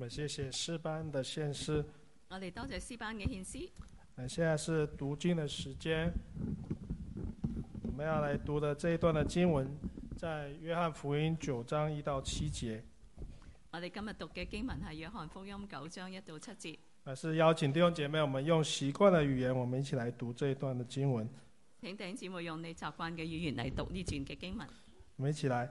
我們謝謝詩班的獻詩我哋多謝詩班嘅獻詩。誒，現在是讀經的時間。我們要來讀的這一段的經文，在約翰福音九章一到七節。我哋今日讀嘅經文係約翰福音九章一到七節。啊，是邀請弟兄姐妹，我們用習慣的語言，我們一起來讀這一段的經文。請頂姐妹用你習慣嘅語言嚟讀呢段嘅經文。我們一起來。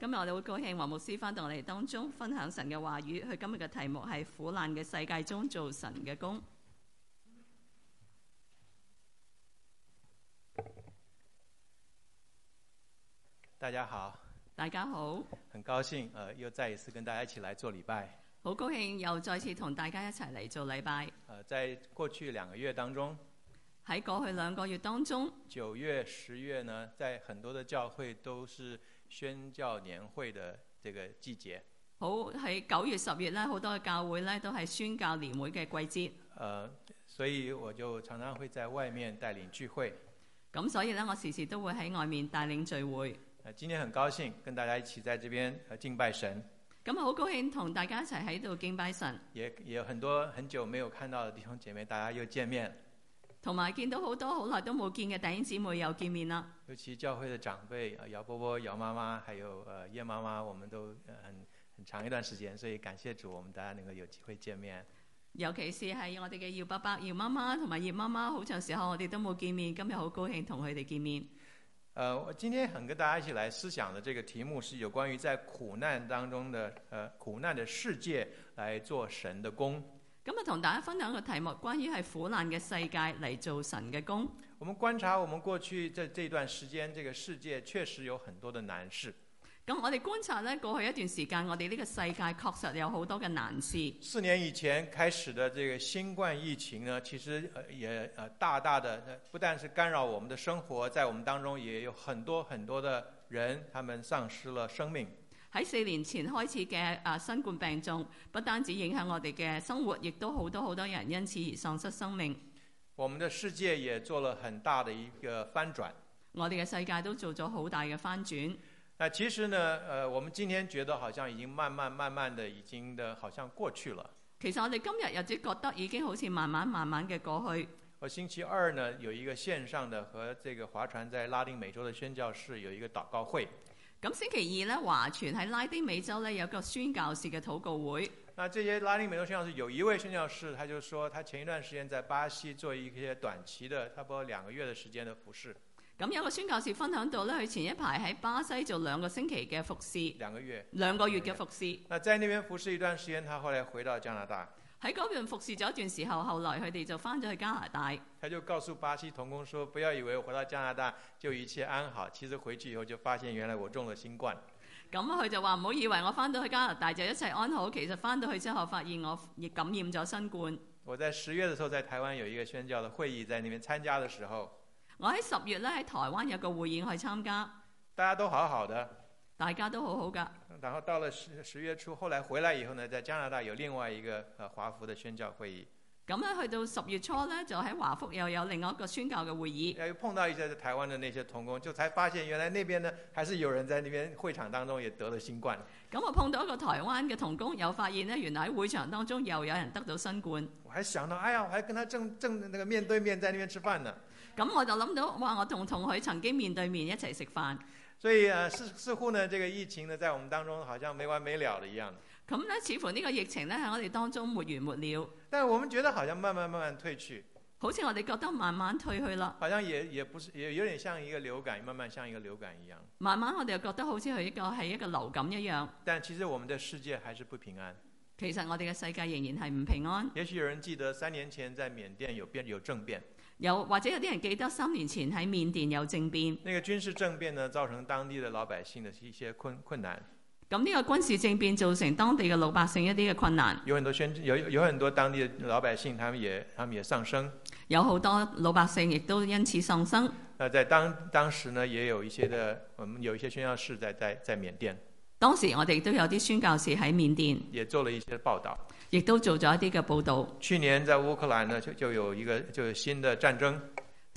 今日我哋會高興，黃牧師翻到我哋當中分享神嘅話語。佢今日嘅題目係苦難嘅世界中做神嘅工」。大家好，大家好，很高興，呃、又再一次跟大家一起嚟做禮拜。好高興又再次同大家一齊嚟做禮拜。誒、呃，在過去兩個月當中，喺過去兩個月當中，九月、十月呢，在很多嘅教會都是。宣教年會的這個季節，好喺九月十月咧，好多嘅教會咧都係宣教年會嘅季節。誒、呃，所以我就常常會在外面帶領聚會。咁所以咧，我時時都會喺外面帶領聚會。誒，今天很高興跟大家一起在這邊誒，敬拜神。咁啊，好高興同大家一齊喺度敬拜神。也也有很多很久沒有看到嘅弟兄姐妹，大家又見面。同埋見到好多好耐都冇見嘅弟兄姊妹又見面啦。尤其教會嘅長輩，姚伯伯、姚媽媽，還有呃，葉媽媽，我們都很很長一段時間，所以感謝主，我們大家能夠有機會見面。尤其是係我哋嘅姚伯伯、姚媽媽同埋葉媽媽，好長時候我哋都冇見面，今日好高興同佢哋見面。呃，我今天很跟大家一起來思想的這個題目，是有關於在苦難當中的，呃，苦難的世界來做神的工咁啊，同大家分享一個題目，關於係苦難嘅世界嚟做神嘅工。我們觀察，我們過去這這段時間，這個世界確實有很多的難事。咁我哋觀察呢過去一段時間，我哋呢個世界確實有好多嘅難事。四年以前開始的這個新冠疫情呢，其實也呃大大的，不但是干擾我們的生活，在我們當中也有很多很多的人，他們喪失了生命。喺四年前開始嘅啊新冠病症不單止影響我哋嘅生活，亦都好多好多人因此而喪失生命。我們的世界也做了很大的一個翻轉。我哋嘅世界都做咗好大嘅翻轉。其實呢、呃，我們今天覺得好像已經慢慢慢慢地已經的，好像過去了。其實我哋今日有啲覺得已經好似慢慢慢慢嘅過去。我星期二呢，有一個線上的和這個華傳在拉丁美洲的宣教士有一個禱告會。咁星期二呢，華傳喺拉丁美洲呢有一個宣教士嘅禱告會。那這些拉丁美洲宣教士有一位宣教士，他就說他前一段時間在巴西做一些短期的，差不多兩個月嘅時間的服侍。咁有個宣教士分享到呢，佢前一排喺巴西做兩個星期嘅服侍。兩個月。兩個月嘅服侍。那在那邊服侍一段時間，他後來回到加拿大。喺嗰邊服侍咗一段時候，後來佢哋就翻咗去加拿大。他就告訴巴西同工說：不要以為我回到加拿大就一切安好，其實回去以後就發現原來我中了新冠。咁、嗯、佢就話：唔好以為我翻到去加拿大就一切安好，其實翻到去之後發現我亦感染咗新冠。我在十月的時候，在台灣有一個宣教的會議，在裏面參加的時候，我喺十月咧喺台灣有個會議去參加，大家都好好的。大家都好好㗎。然後到了十十月初，後來回來以後呢，在加拿大有另外一個呃華福的宣教會議。咁、嗯、咧，去到十月初呢，就喺華福又有另外一個宣教嘅會議。又碰到一些台灣的那些同工，就才發現原來那邊呢，還是有人在那邊會場當中也得了新冠。咁、嗯嗯、我碰到一個台灣嘅同工，又發現呢，原來喺會場當中又有人得到新冠。我還想到，哎呀，我還跟他正正那個面對面在那邊吃飯呢。咁、嗯嗯嗯嗯嗯嗯、我就諗到，哇，我同同佢曾經面對面一齊食飯。所以啊，似似乎呢，這個疫情呢，在我們當中好像沒完沒了的一樣的。咁呢，似乎呢個疫情呢，喺我哋當中沒完沒了。但係我們覺得好像慢慢慢慢退去。好似我哋覺得慢慢退去啦。好像也也不是，也有點像一個流感，慢慢像一個流感一樣。慢慢我哋又覺得好似佢一個係一個流感一樣。但其實我們的世界還是不平安。其實我哋嘅世界仍然係唔平安。也許有人記得三年前在緬甸有變，有政變。有或者有啲人記得三年前喺緬甸有政變。呢、那個軍事政變呢，造成當地的老百姓嘅一些困困難。咁呢個軍事政變造成當地嘅老百姓一啲嘅困難。有很多宣，有有很多當地嘅老百姓，他們也他們也喪生。有好多老百姓亦都因此喪生。啊，在當當時呢，也有一些的，我們有一些宣教士在在在緬甸。當時我哋都有啲宣教士喺緬甸。也做了一些報道。亦都做咗一啲嘅報導。去年在烏克蘭呢，就就有一個就有新的戰爭。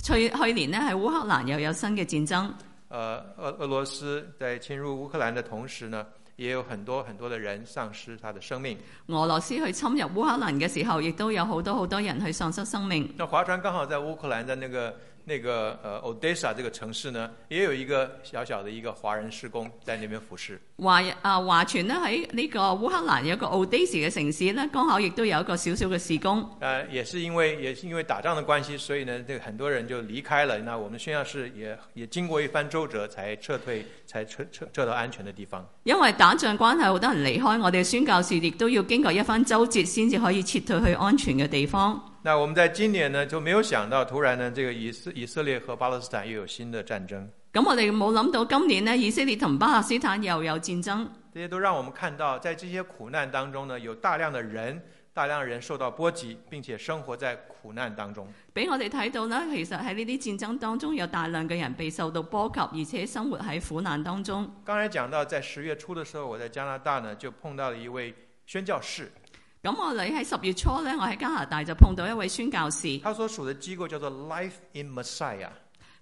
去去年呢，喺烏克蘭又有新嘅戰爭。俄俄羅斯在侵入烏克蘭嘅同時呢，也有很多很多嘅人喪失他嘅生命。俄羅斯去侵入烏克蘭嘅時候，亦都有好多好多人去喪失生命。那划船剛好在烏克蘭嘅那個那個呃 Odessa 這個城市呢，也有一個小小的一個華人事工在那邊服侍。華啊華傳呢喺呢個烏克蘭有一個 Odessa 嘅城市咧，剛好亦都有一個小小嘅事工。誒、呃，也是因為也是因為打仗的關係，所以呢，就、這個、很多人就離開了。那我們宣教士也也經過一番周折，才撤退，才撤撤撤到安全的地方。因為打仗關係，好多人離開，我哋宣教士亦都要經過一番周折，先至可以撤退去安全嘅地方。那我們在今年呢，就沒有想到，突然呢，這個以色以色列和巴勒斯坦又有新的戰爭。咁我哋冇諗到今年呢，以色列同巴勒斯坦又有戰爭。這些都讓我們看到，在這些苦難當中呢，有大量的人，大量的人受到波及，並且生活在苦難當中。俾我哋睇到呢，其實喺呢啲戰爭當中，有大量嘅人被受到波及，而且生活喺苦難當中。剛才講到，在十月初的時候，我在加拿大呢就碰到了一位宣教士。咁我哋喺十月初呢，我喺加拿大就碰到一位宣教士。他所屬的機構叫做 Life in Messiah。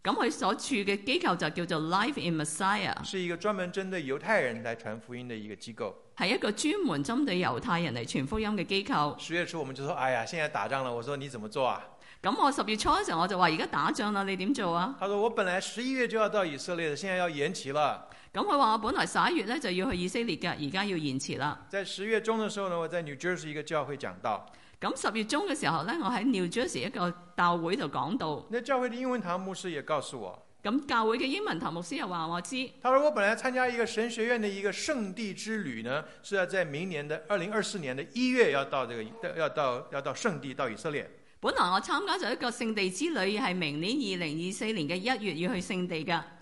咁佢所處嘅機構就叫做 Life in Messiah 是。是一個專門針對猶太人嚟傳福音嘅一個機構。係一個專門針對猶太人嚟傳福音嘅機構。十月初我們就說：哎呀，現在打仗了，我說你怎麼做啊？咁我十月初嘅時候我就話：而家打仗啦，你點做啊？他說：我本來十一月就要到以色列嘅，現在要延期啦。咁佢話，我本來十一月咧，就要去以色列嘅，而家要延遲啦。在十月中嘅時候呢，我在 New Jersey 一個教會講道。咁十月中嘅時候呢，我喺 New Jersey 一個教會就講道。呢教會嘅英文堂牧師也告訴我。咁教會嘅英文堂牧師又話我知。他說，我本來要參加一個神學院嘅一個聖地之旅呢，是要在明年的二零二四年的一月要到這個要到要到聖地到以色列。本來我參加咗一個聖地之旅，係明年二零二四年嘅一月要去聖地噶。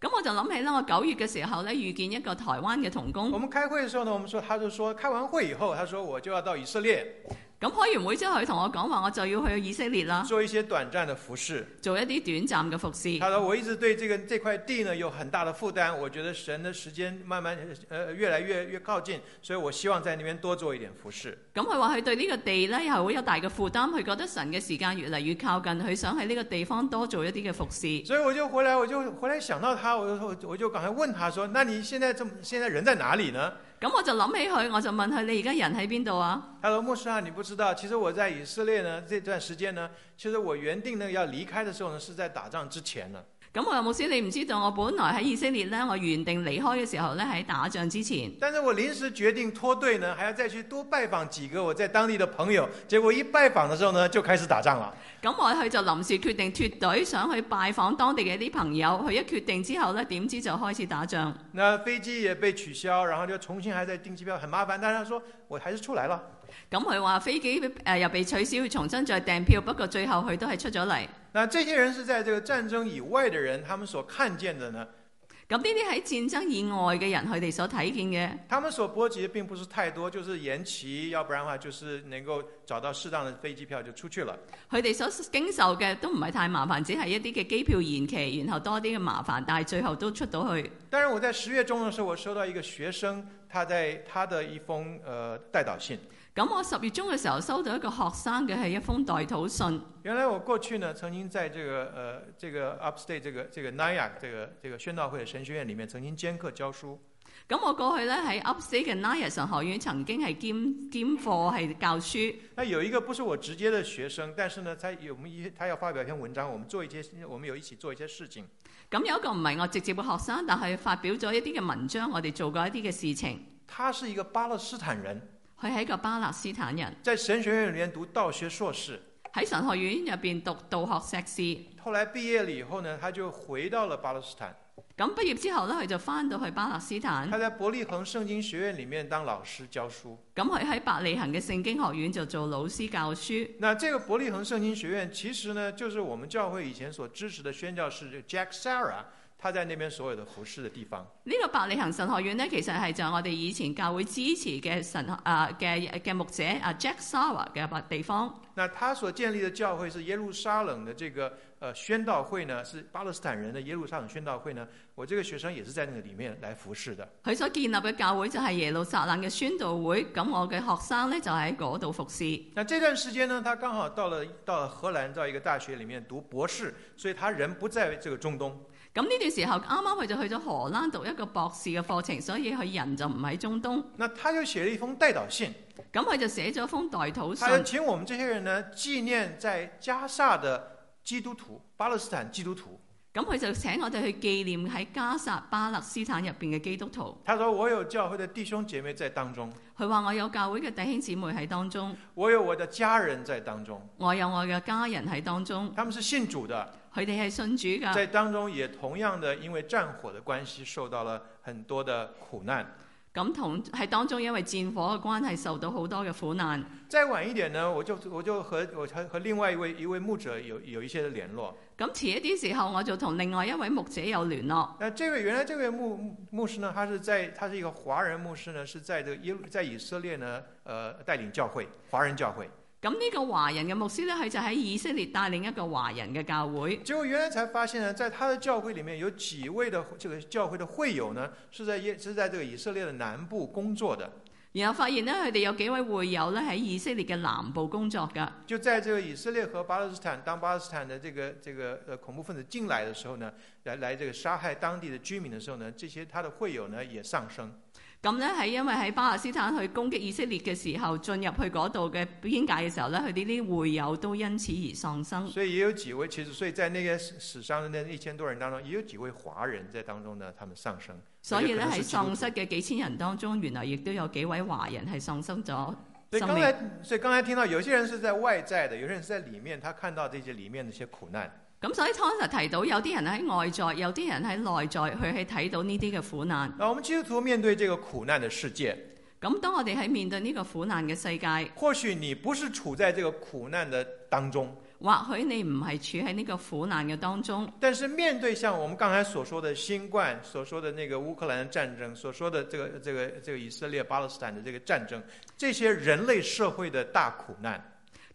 咁我就諗起啦，我九月嘅時候咧，遇見一個台灣嘅童工。我們開會的時候呢，我們說，他就說，開完會以後，他說我就要到以色列。咁開完會之後，佢同我講話，我就要去以色列啦。做一些短暫嘅服事，做一啲短暫嘅服事。好的，我一直對這個這塊地呢有很大的負擔，我覺得神嘅時間慢慢、呃，越來越越靠近，所以我希望在呢邊多做一點服事。咁佢話佢對呢個地呢又會有大嘅負擔，佢覺得神嘅時間越嚟越靠近，佢想喺呢個地方多做一啲嘅服事。所以我就回來，我就回來想到他，我我我就趕快問他，說，那你現在怎，現在人在哪裏呢？咁我就諗起佢，我就問佢：你而家人喺邊度啊？Hello，牧師啊，你不知道，其實我在以色列呢這段時間呢，其實我原定呢要離開嘅時候呢，是在打仗之前呢。咁我又冇先，你唔知道我本來喺以色列咧，我原定離開嘅時候咧，喺打仗之前。但是我臨時決定脫隊呢，還要再去多拜訪幾個我在當地嘅朋友，結果一拜訪的時候呢，就開始打仗啦。咁我佢就臨時決定脫隊，想去拜訪當地嘅啲朋友，佢一決定之後咧，點知就開始打仗。那飛機也被取消，然後就重新還在訂機票，很麻煩。但係佢話：我還是出來了。咁佢話飛機誒又被取消，重新再訂票，不過最後佢都係出咗嚟。嗱，這些人是在這個戰爭以外嘅人，他們所看見嘅呢？咁呢啲喺戰爭以外嘅人，佢哋所睇見嘅？他們所波及嘅並不是太多，就是延期，要不然的話就是能夠找到適當嘅飛機票就出去了。佢哋所經受嘅都唔係太麻煩，只係一啲嘅機票延期，然後多啲嘅麻煩，但係最後都出到去。當然，我在十月中嘅時候，我收到一個學生，他在他的一封誒代、呃、禱信。咁我十月中嘅時候收到一個學生嘅係一封代禱信。原來我過去呢曾經在這個呃這個 Upstate 這個這個 Nyack 這個這個宣道會神學院裡面曾經兼課教書。咁我過去咧喺 Upstate 嘅 Nyack 神學院曾經係兼兼課係教書。那有一個不是我直接嘅學生，但是呢，他有冇一他要發表一篇文章，我們做一些，我們有一起做一些事情。咁有一個唔係我直接嘅學生，但係發表咗一啲嘅文章，我哋做過一啲嘅事情。他是一個巴勒斯坦人。佢喺個巴勒斯坦人，在神學院入面讀道學碩士。喺神學院入邊讀道學碩士。後來畢業了以後呢，佢就回到了巴勒斯坦。咁畢業之後呢，佢就翻到去巴勒斯坦。他在伯利恒聖經學院裡面當老師教書。咁佢喺伯利恒嘅聖經學院就做老師教書。嗱，這個伯利恒聖經學院其實呢，就是我們教會以前所支持嘅宣教就 Jack Sarah。他在那邊所有的服侍的地方。呢、這個百里行神學院呢，其實係就我哋以前教會支持嘅神啊嘅嘅、啊、牧者阿 Jack Sauer 嘅一笪地方。那他所建立嘅教會是耶路撒冷嘅這個，呃宣道會呢是巴勒斯坦人的耶路撒冷宣道會呢，我這個學生也是在那個裏面來服侍嘅。佢所建立嘅教會就係耶路撒冷嘅宣道會，咁我嘅學生呢就喺嗰度服侍。那這段時間呢，他剛好到了到了荷蘭到一個大學裡面讀博士，所以他人不在這個中東。咁呢段時候啱啱佢就去咗荷蘭讀一個博士嘅課程，所以佢人就唔喺中東。那他就寫了一封代禱信。咁佢就寫咗封代禱信。他，信他請我們這些人呢紀念在加沙的基督徒，巴勒斯坦基督徒。咁佢就請我哋去紀念喺加沙巴勒斯坦入邊嘅基督徒。他說我有教會的弟兄姐妹在當中。佢話我有教會嘅弟兄姊妹喺當中。我有我嘅家人在當中。我有我嘅家人喺當中。他們是信主的。佢哋係信主噶，在當中也同樣的，因為戰火的關係，受到了很多的苦難。咁同喺當中，因為戰火嘅關係，受到好多嘅苦難。再晚一點呢，我就我就和我和另外一位一位牧者有有一些的聯絡。咁遲一啲時候，我就同另外一位牧者有聯絡。那這位原來這位牧牧師呢，他是在他是一個華人牧師呢，是在耶、這個、在以色列呢，呃，帶領教會華人教會。咁呢個華人嘅牧師咧，佢就喺以色列帶領一個華人嘅教會。結果原來才發現呢，在他的教會裏面有幾位嘅這個教會嘅會友呢，是在耶是在這個以色列嘅南部工作的。然後發現呢，佢哋有幾位會友呢喺以色列嘅南部工作㗎。就在這個以色列和巴勒斯坦，當巴勒斯坦的這個這個恐怖分子進來的時候呢，來來這個殺害當地的居民的時候呢，這些他的會友呢也喪生。咁呢，係因為喺巴勒斯坦去攻擊以色列嘅時候，進入去嗰度嘅邊界嘅時候呢，佢哋啲會友都因此而喪生。所以也有幾位，其實所以在那個死傷嘅那一千多人當中，也有幾位華人在當中呢，他們喪生。所以咧喺喪失嘅幾千人當中，原來亦都有幾位華人係喪失咗生命。對，所以剛才，所以剛才聽到有些人是在外在的，有些人是在裏面，他看到這些裏面的一些苦難。咁所以 Thomas 提到有啲人喺外在，有啲人喺內在，佢係睇到呢啲嘅苦難。啊，我們基督徒面對這個苦難嘅世界。咁當我哋喺面對呢個苦難嘅世界，或許你不是處在這個苦難嘅當中。或許你唔係處喺呢個苦難嘅當中。但是面對像我們剛才所說的新冠、所說的那個烏克蘭的戰爭、所說的這個、這個、這個以色列巴勒斯坦的這個戰爭，這些人類社會的大苦難。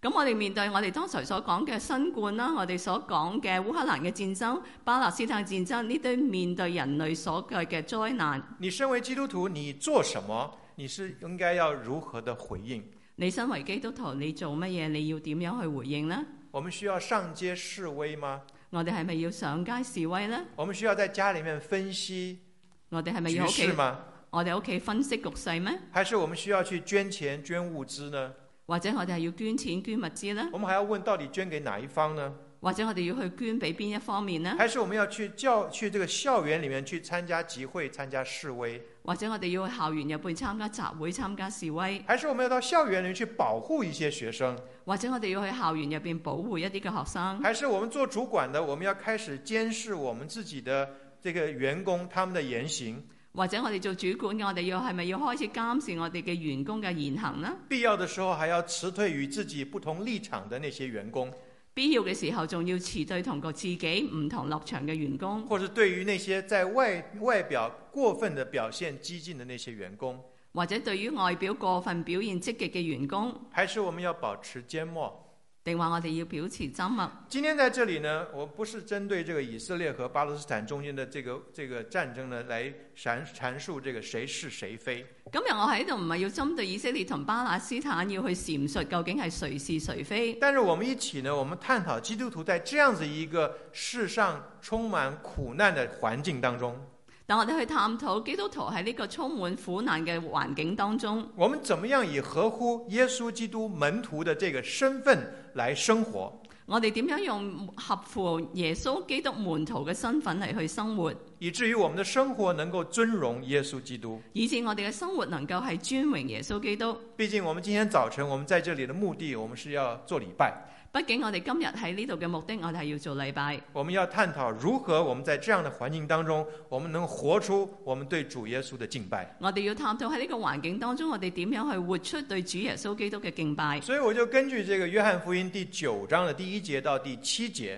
咁我哋面對我哋當時所講嘅新冠啦，我哋所講嘅烏克蘭嘅戰爭、巴勒斯坦戰爭呢堆面對人類所謂嘅災難。你身為基督徒，你做什麼？你是應該要如何的回應？你身為基督徒，你做乜嘢？你要點樣去回應呢？我們需要上街示威嗎？我哋係咪要上街示威呢？我們需要在家裏面分析嗎？我哋係咪要喺屋企？我哋屋企分析局勢咩？還是我們需要去捐錢捐物資呢？或者我哋係要捐錢捐物資呢？我們還要問到底捐給哪一方呢？或者我哋要去捐俾邊一方面呢？還是我們要去教，去這個校園裏面去參加集會，參加示威？或者我哋要去校園入邊參加集會、參加示威，還是我們要到校園裏去保護一些學生？或者我哋要去校園入邊保護一啲嘅學生？還是我們做主管的，我們要開始監視我們自己的這個員工，他們的言行？或者我哋做主管嘅，我哋要係咪要開始監視我哋嘅員工嘅言行呢？必要的時候，還要辭退與自己不同立場的那些員工。必要嘅時候，仲要辭退同個自己唔同立場嘅員工。或者對於那些在外外表過分的表現激進的那些員工。或者對於外表過分表現積極嘅員工。還是我們要保持緘默？定話我哋要表示憎惡。今天在這裏呢，我不是針對這個以色列和巴勒斯坦中間的這個這個戰爭呢，來闡闡述這個誰是誰非。今日我喺度唔係要針對以色列同巴勒斯坦要去闡述究竟係誰是誰非。但是我們一起呢，我們探討基督徒在這樣子一個世上充滿苦難的環境當中。等我哋去探討基督徒喺呢個充滿苦難嘅環境當中，我們怎麼樣以合乎耶穌基督門徒的這個身份？來生活，我哋點樣用合乎耶穌基督門徒嘅身份嚟去生活，以至於我們嘅生活能夠尊榮耶穌基督，以至我哋嘅生活能夠係尊榮耶穌基督。畢竟我們今天早晨，我們在這裏嘅目的，我們是要做禮拜。畢竟我哋今日喺呢度嘅目的，我哋係要做禮拜。我們要探討如何我們在這樣嘅環境當中，我們能活出我們對主耶穌嘅敬拜。我哋要探討喺呢個環境當中，我哋點樣去活出對主耶穌基督嘅敬拜。所以我就根據這個《約翰福音》第九章的第一節到第七節。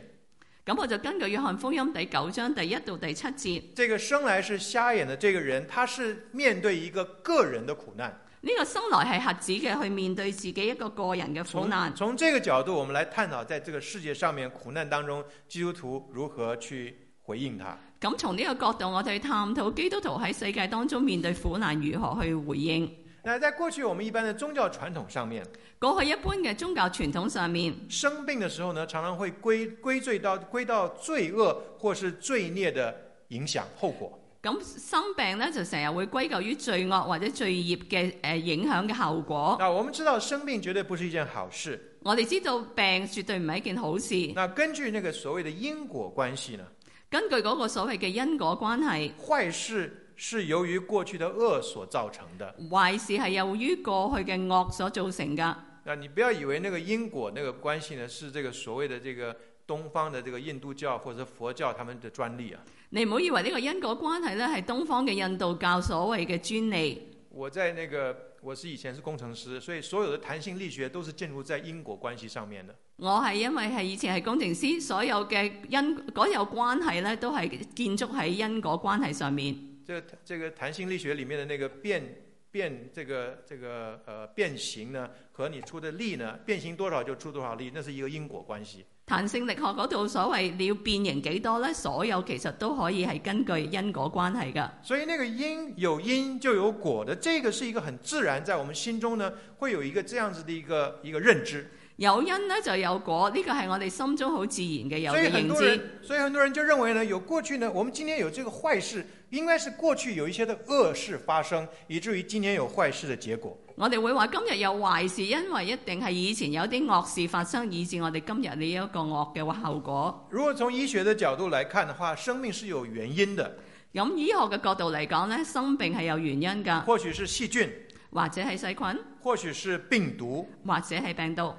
咁我就根據《約翰福音》第九章第一到第七節。這個生來是瞎眼的這個人，他是面對一個個人的苦難。呢、這個生來係瞎子嘅，去面對自己一個個人嘅苦難。從這個角度，我們來探討，在這個世界上面苦難當中，基督徒如何去回應他。咁從呢個角度，我哋探討基督徒喺世界當中面對苦難如何去回應？那在過去，我們一般的宗教傳統上面，過去一般嘅宗教傳統上面，生病嘅時候呢，常常會歸歸罪到歸到罪惡或是罪孽嘅影響後果。咁生病咧就成日會歸咎於罪惡或者罪業嘅誒、呃、影響嘅後果。嗱，我們知道生病絕對不是一件好事。我哋知道病絕對唔係一件好事。嗱，根據那個所謂的因果關係呢，根據嗰個所謂嘅因果關係，壞事是由於過去的惡所造成的。壞事係由於過去嘅惡所造成噶。嗱，你不要以為那個因果那個關係呢，是這個所謂的這個東方的這個印度教或者佛教他們的專利啊。你唔好以為呢個因果關係呢，係東方嘅印度教所謂嘅專利。我在那個，我是以前是工程師，所以所有的彈性力學都是建立在因果關係上面的。我係因為係以前係工程師，所有嘅因果有關係呢都係建築喺因果關係上面。這這個彈性力學裏面的那個變、變、這個這個呃變形呢，和你出的力呢，變形多少就出多少力，那是一個因果關係。彈性力學嗰度所謂你要變形幾多呢？所有其實都可以係根據因果關係㗎。所以呢個因有因就有果的，這個是一個很自然，在我們心中呢會有一個這樣子的一個一個認知。有因呢就有果，呢個係我哋心中好自然嘅有因。所以很多人，所以很多人就認為呢，有過去呢，我們今天有這個壞事。應該是過去有一些的惡事發生，以至於今年有壞事的結果。我哋會話今日有壞事，因為一定係以前有啲惡事發生，以致我哋今日呢一個惡嘅後果。如果從醫學嘅角度來看的話，生命是有原因的。咁醫學嘅角度嚟講咧，生病係有原因噶。或許是細菌，或者係細菌。或許是病毒，或者係病毒。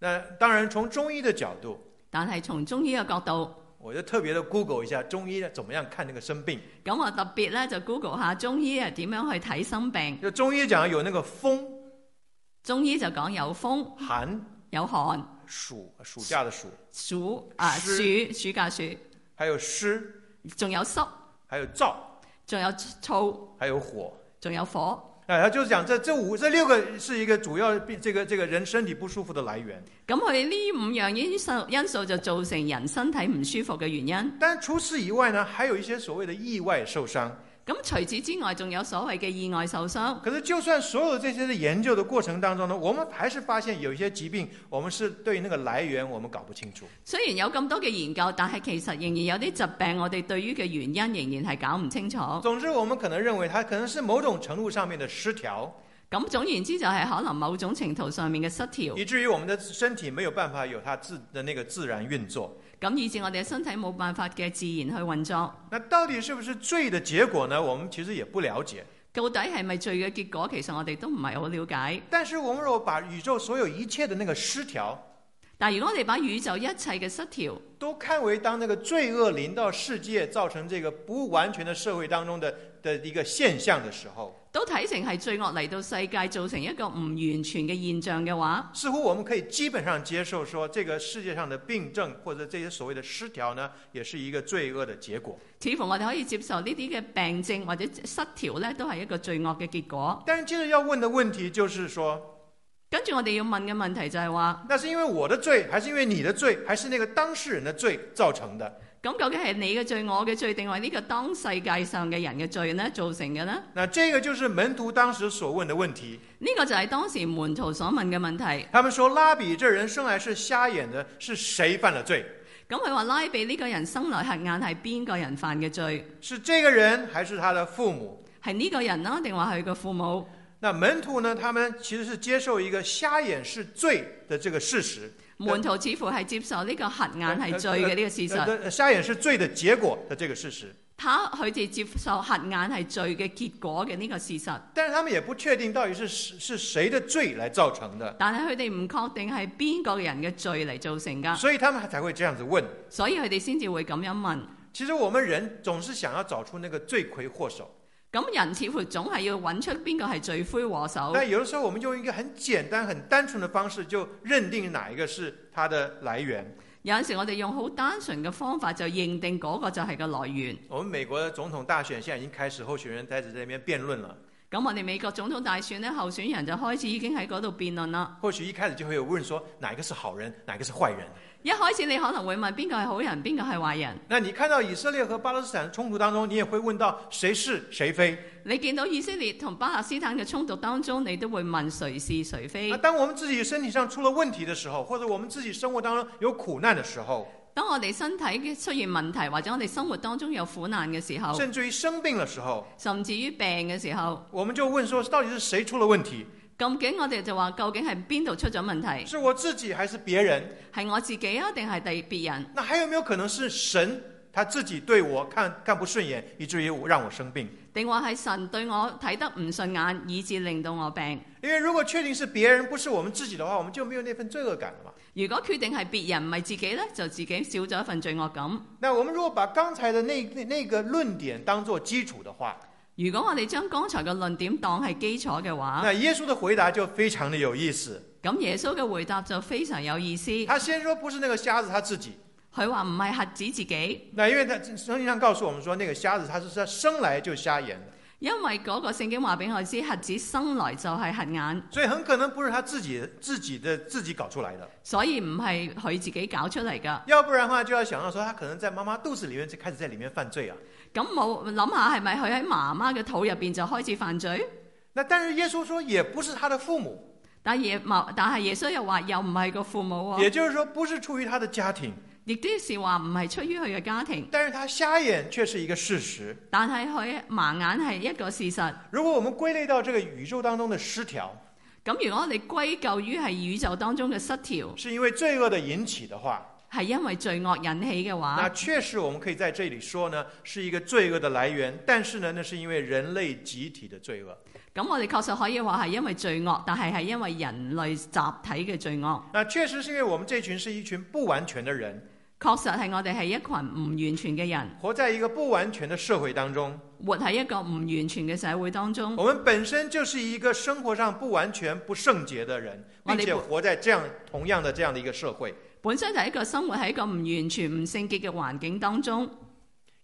誒，當然從中醫嘅角度，但係從中醫嘅角度。我就特別的 Google 一下中醫咧，怎麼樣看那個生病。咁我特別咧就 Google 下中醫係點樣去睇生病。就中醫講有那個風，中醫就講有風、寒、有寒、暑、暑假的暑、暑啊暑，暑，暑，暑，暑，暑、暑假暑，還有濕，仲有濕，還有燥，仲有燥，還有火，仲有火。誒，他就是講，這這五、這六個是一個主要、這個，這個這個人身體不舒服的來源。咁佢呢五樣因素因素就造成人身體唔舒服嘅原因。但除此以外呢，還有一些所謂的意外受傷。咁除此之外，仲有所謂嘅意外受傷。可是就算所有這些嘅研究嘅過程當中呢，我們還是發現有一些疾病，我們是對那個來源，我們搞不清楚。雖然有咁多嘅研究，但係其實仍然有啲疾病，我哋對於嘅原因仍然係搞唔清楚。總之，我們可能認為，它可能是某種程度上面嘅失調。咁總言之，就係可能某種程度上面嘅失調，以至於我們嘅身體沒有辦法有它的自的那個自然運作。咁以致我哋嘅身體冇辦法嘅自然去運作。那到底是不是罪嘅結果呢？我哋其實也不了解。到底係咪罪嘅結果？其實我哋都唔係好了解。但是我哋若把宇宙所有一切嘅那個失調，但係如果我哋把宇宙一切嘅失調都看為當那個罪惡臨到世界造成這個不完全嘅社會當中的的一個現象嘅時候。都睇成係罪惡嚟到世界造成一個唔完全嘅現象嘅話，似乎我們可以基本上接受說，這個世界上的病症或者這些所謂的失調呢，也是一個罪惡的結果。似乎我哋可以接受呢啲嘅病症或者失調呢，都係一個罪惡嘅結果。但係今日要問的問題就是說，跟住我哋要問嘅問題就係話，那是因為我的罪，還是因為你的罪，還是那個當事人的罪造成的？咁究竟係你嘅罪，我嘅罪，定係呢個當世界上嘅人嘅罪呢造成嘅呢？嗱，這個就是門徒當時所問嘅問題。呢、這個就係當時門徒所問嘅問題。他們說拉比這人生來是瞎眼的，是誰犯了罪？咁佢話拉比呢個人生來瞎眼係邊個人犯嘅罪？是這個人還是他的父母？係呢個人咯、啊，定話係佢嘅父母？那門徒呢，他們其實是接受一個瞎眼是罪的這個事實。門徒似乎係接受呢個瞎眼係罪嘅呢個事實。瞎、啊啊啊、眼是罪嘅結果嘅呢個事實。他佢哋接受瞎眼係罪嘅結果嘅呢個事實。但是他們也不確定到底是是誰的罪來造成的。但係佢哋唔確定係邊個人嘅罪嚟造成㗎。所以他們才會這樣子問。所以佢哋先至會咁樣問。其實我們人總是想要找出那個罪魁禍首。咁人似乎總係要揾出邊個係罪魁禍首。但係有啲時候，我們用一個很簡單、很單純的方式，就認定哪一個是他的來源。有陣時，我哋用好單純嘅方法，就認定嗰個就係個來源。我們美國總統大選現在已經開始，候選人開始在那邊辯論了。咁我哋美國總統大選呢，候選人就開始已經喺嗰度辯論啦。或許一開始就會有問說，哪一個是好人，哪一個是壞人？一開始你可能會問，邊個係好人，邊個係壞人？那你看到以色列和巴勒斯坦的衝突當中，你也會問到誰是誰非？你見到以色列同巴勒斯坦嘅衝突當中，你都會問誰是誰非？當我們自己身體上出了問題的時候，或者我們自己生活當中有苦難的時候，當我哋身體嘅出現問題，或者我哋生活當中有苦難嘅時候，甚至於生病嘅時候，甚至於病嘅時，時候，我們就問說，到底是誰出了問題？究竟我哋就話究竟係邊度出咗問題？是我自己還是別人？係我自己啊，定係第別人？那還有沒有可能是神他自己對我看看不順眼，以至於讓我生病？定話係神對我睇得唔順眼，以致令到我病？因為如果確定是別人，不是我們自己的話，我們就沒有那份罪惡感啦嘛。如果確定係別人唔係自己呢，就自己少咗一份罪惡感。那我們如果把剛才的那那那個論點當做基礎的話？如果我哋將剛才嘅論點當係基礎嘅話，那耶穌的回答就非常的有意思。咁耶穌嘅回答就非常有意思。他先說不是那個瞎子他自己，佢話唔係瞎子自己。那因為他聖經上告訴我們說，那個瞎子他是生來就瞎眼。因為嗰個聖經話俾我知，瞎子生來就係瞎眼，所以很可能不是他自己自己的自己搞出來的。所以唔係佢自己搞出來的。要不然的話就要想到說，他可能在媽媽肚子裏面就開始在裏面犯罪啊。咁冇諗下係咪佢喺媽媽嘅肚入邊就開始犯罪？那但是耶穌說，也不是他的父母。但係耶，但係耶穌又話，又唔係個父母啊。也就是說，不是出於他的家庭。亦都是話唔係出於佢嘅家庭。但是他瞎眼卻是一個事實。但係佢盲眼係一個事實。如果我們歸類到這個宇宙當中嘅失調，咁如果你歸咎於係宇宙當中嘅失調，是因為罪惡的引起的話，係因為罪惡引起嘅話，那確實我們可以在這裡說呢，是一個罪惡的來源。但是呢，那是因為人類集體的罪惡。咁我哋確實可以話係因為罪惡，但係係因為人類集體嘅罪惡。那確實是因為我們這群是一群不完全的人。確實係我哋係一群唔完全嘅人，活在一個不完全的社會當中。活喺一個唔完全嘅社會當中。我們本身就是一個生活上不完全、不聖潔嘅人，並且活在這樣同樣嘅這樣嘅一個社會。本身就係一個生活喺一個唔完全，唔聖潔嘅環境當中，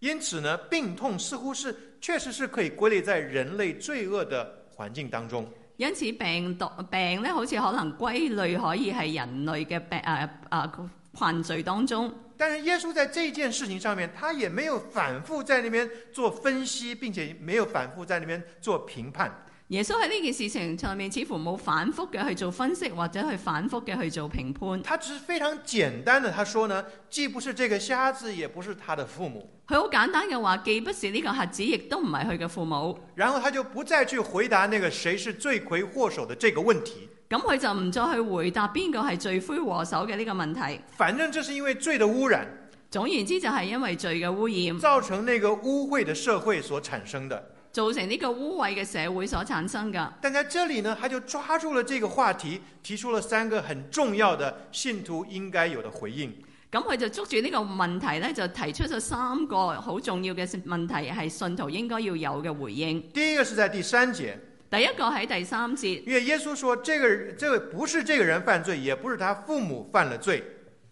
因此呢，病痛似乎是確實是可以歸類在人類罪惡嘅環境當中。因此病毒病咧，好似可能歸類可以係人類嘅病誒誒犯罪當中。但是耶穌在這件事情上面，他亦沒有反覆在裡面做分析，並且沒有反覆在裡面做評判。耶穌喺呢件事情上面似乎冇反復嘅去做分析，或者去反復嘅去做評判。他只是非常簡單的他說呢，既不是這個瞎子，也不是他的父母。佢好簡單嘅話，既不是呢個瞎子，亦都唔係佢嘅父母。然後他就不再去回答那個誰是罪魁禍首的這個問題。咁佢就唔再去回答邊個係罪魁禍首嘅呢個問題。反正這是因為罪的污染。總言之就係因為罪嘅污染，造成那個污穢的社會所產生的。造成呢個污穢嘅社會所產生噶。但在這裏呢,他就抓住了這個話題，提出了三個很重要的信徒應該有的回應。咁佢就捉住呢個問題呢，就提出咗三個好重要嘅問題，係信徒應該要有嘅回應。第一個是在第三節，第一個喺第三節，因為耶穌說，這個這個不是這個人犯罪，也不是他父母犯了罪。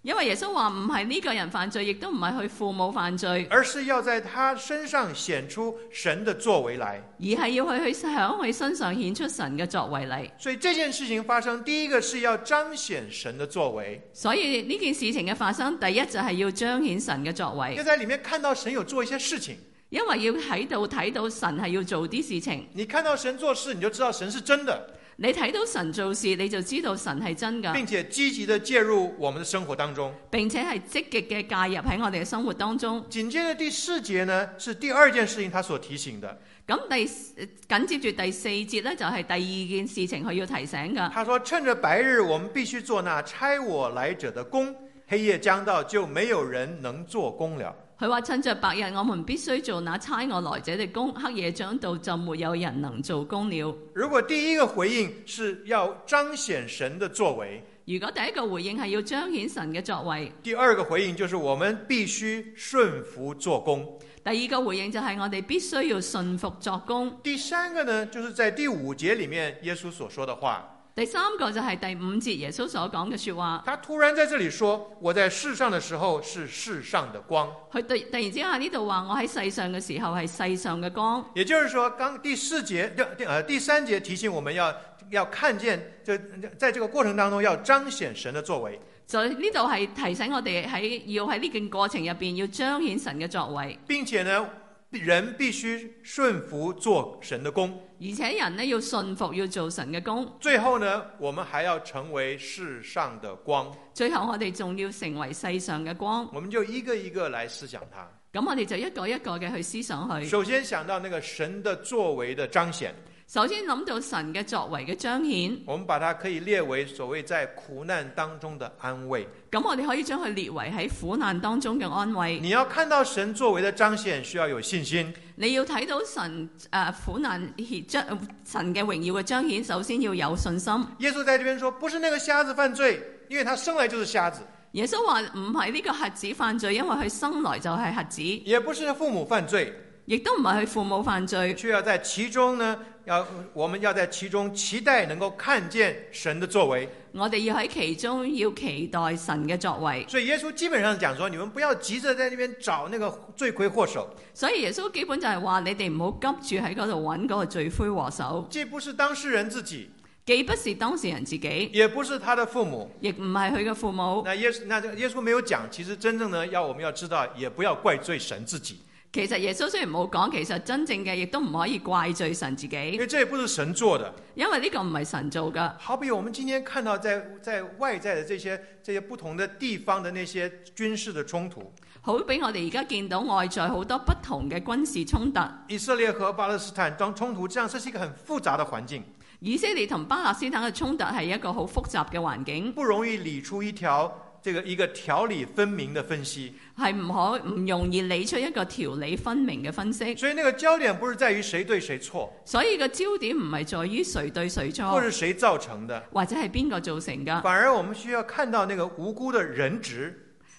因為耶穌話唔係呢個人犯罪，亦都唔係佢父母犯罪，而是要在他身上顯出神的作為嚟。而係要去去響佢身上顯出神嘅作為嚟。所以這件事情發生，第一個是要彰顯神的作為。所以呢件事情嘅發生，第一就係要彰顯神嘅作為。要在裏面看到神有做一些事情，因為要喺度睇到神係要做啲事情。你看到神做事，你就知道神是真的。你睇到神做事，你就知道神係真噶並且積極地介入我們的生活當中，並且係積極嘅介入喺我哋嘅生活當中。緊接着第四節呢，是第二件事情，他所提醒的。咁第緊接住第四節呢，就係、是、第二件事情佢要提醒嘅。他說：趁着白日，我們必須做那差我來者的工；黑夜將到，就沒有人能做工了。佢話趁着白日，我們必須做那差我來者的工；黑夜將到，就沒有人能做工了。如果第一個回應是要彰顯神的作為，如果第一個回應係要彰顯神嘅作為，第二個回應就是我們必須順服做工。第二個回應就係我哋必須要順服做工。第三個呢，就是在第五節裏面耶穌所說的話。第三個就係第五節耶穌所講嘅說話。他突然在這裏說，我在世上的時候是世上的光。佢第突然之下呢度話，我喺世上嘅時候係世上嘅光。也就是說，剛第四節第第第三節提醒我們要要看見，就在這個過程當中要彰顯神的作為。就呢度係提醒我哋喺要喺呢件過程入邊要彰顯神嘅作為，並且呢。人必須順服做神的工，而且人呢，要順服要做神嘅工。最後呢，我們還要成為世上的光。最後我哋仲要成為世上嘅光。我們就一個一個來思想它。咁我哋就一個一個嘅去思想佢。首先想到那個神的作為的彰顯。首先諗到神嘅作為嘅彰顯，我們把它可以列為所謂在苦難當中的安慰。咁我哋可以將佢列為喺苦難當中嘅安慰。你要看到神作為嘅彰顯，需要有信心。你要睇到神誒、呃、苦難將神嘅榮耀嘅彰顯，首先要有信心。耶穌在這邊說，不是那個瞎子犯罪，因為他生來就是瞎子。耶穌話唔係呢個瞎子犯罪，因為佢生來就係瞎子。也不是父母犯罪，亦都唔係佢父母犯罪。需要在其中呢。要我們要在其中期待能夠看見神的作為，我哋要喺其中要期待神嘅作為。所以耶穌基本上講說，你們不要急着在那邊找那個罪魁禍首。所以耶穌基本就係話，你哋唔好急住喺嗰度揾嗰個罪魁禍首。既不是當事人自己，既不是當事人自己，也不是他的父母，亦唔係佢嘅父母。那耶穌那耶穌沒有講，其實真正呢要我們要知道，也不要怪罪神自己。其實耶穌雖然唔好講，其實真正嘅，亦都唔可以怪罪神自己。因為這也不是神做的。因為呢個唔係神做㗎。好比我們今天看到在在外在的這些這些不同的地方的那些軍事的衝突。好比我哋而家見到外在好多不同嘅軍事衝突。以色列和巴勒斯坦當衝突，這樣這是一個很複雜的環境。以色列同巴勒斯坦嘅衝突係一個好複雜嘅環境，不容易理出一條。這個一個條理分明的分析係唔可唔容易理出一個條理分明嘅分析。所以，那個焦點不是在於誰對誰錯。所以個焦點唔係在於誰對誰錯，或者是誰造成的，或者係邊個造成噶。反而我們需要看到那個無辜的人質。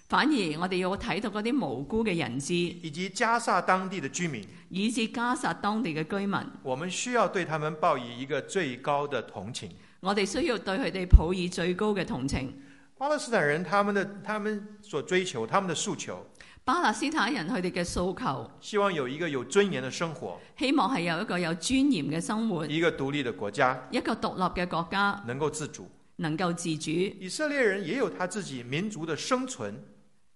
反而我哋要睇到嗰啲無辜嘅人質，以及加沙當地嘅居民，以至加沙當地嘅居民，我們需要對他們報以一個最高的同情。我哋需要對佢哋抱以最高嘅同情。巴勒斯坦人他們的他們所追求他們的訴求，巴勒斯坦人佢哋嘅訴求，希望有一個有尊嚴的生活，希望係有一個有尊嚴嘅生活，一個獨立的國家，一個獨立嘅國家能夠自主，能夠自主。以色列人也有他自己民族的生存，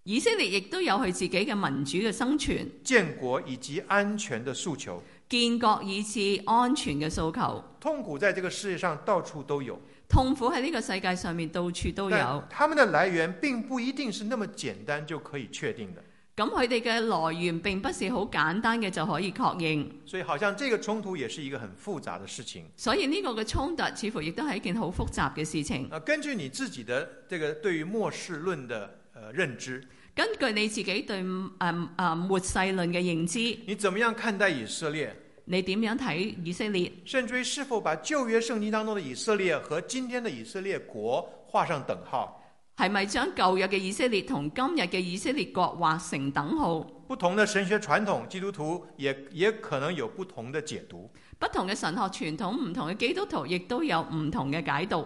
以色列亦都有佢自己嘅民主嘅生存，建國以及安全的訴求，建國以至安全嘅訴求。痛苦在這個世界上到處都有。痛苦喺呢個世界上面，到處都有。他們的來源並不一定是那麼簡單就可以確定的。咁佢哋嘅來源並不是好簡單嘅就可以確認。所以好像這個衝突也是一個很複雜的事情。所以呢個嘅衝突似乎亦都係一件好複雜嘅事情。根據你自己的這個對於末世論的呃認知，根據你自己對誒誒、啊、末世論嘅認知，你怎麼樣看待以色列？你點樣睇以色列？甚至於是否把舊約聖經當中的以色列和今天的以色列國畫上等號？係咪將舊日嘅以色列同今日嘅以色列國畫成等號？不同的神學傳統，基督徒也也可能有不同的解讀。不同嘅神學傳統，唔同嘅基督徒亦都有唔同嘅解讀。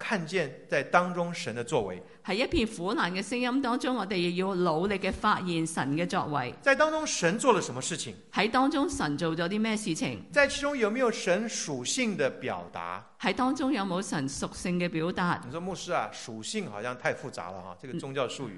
看見在當中神的作為，喺一片苦難嘅聲音當中，我哋亦要努力嘅發現神嘅作為。在當中神做了什麼事情？喺當中神做咗啲咩事情？在其中有沒有神屬性的表達？喺當中有冇神屬性嘅表達？你說牧師啊，屬性好像太複雜了哈，這個宗教術語。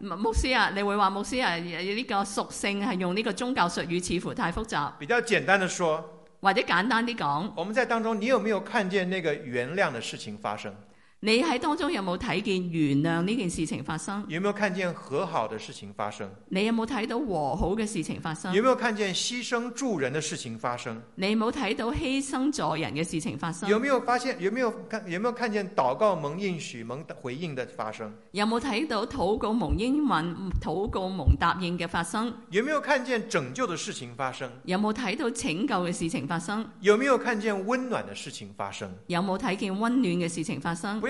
嗯、牧師啊，你會話牧師啊，呢個屬性係用呢個宗教術語，似乎太複雜。比較簡單的說。或者簡單啲講，我們在當中，你有沒有看見那個原諒的事情發生？ 你喺當中有冇睇見原諒呢件事情發生？有沒有看見和好的事情發生？你有冇睇到和好嘅事情發生？有沒有看見犧牲助人的事情發生？你有冇睇到犧牲助人嘅事情發生？有沒有發現？有沒有有沒有看見禱告蒙應許、蒙回應的發生？有冇睇到禱告蒙應允、禱告蒙答應嘅發生？有沒有看見拯救嘅事情發生？有冇睇到拯救嘅事情發生？有沒有看見溫暖嘅事情發生？有冇睇見溫暖嘅事情發生？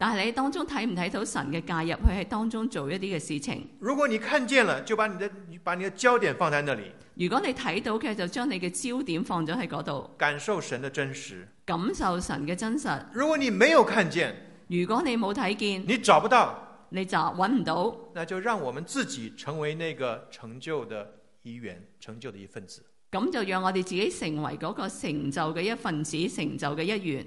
但係你當中睇唔睇到神嘅介入？佢喺當中做一啲嘅事情。如果你看見了，就把你嘅把你的焦點放在那裡。如果你睇到嘅，就將你嘅焦點放咗喺嗰度。感受神嘅真實。感受神嘅真實。如果你沒有看見，如果你冇睇見，你找不到，你就揾唔到。那就讓我們自己成為那個成就的一員，成就的一份子。咁就讓我哋自己成為嗰個成就嘅一份子，成就嘅一員。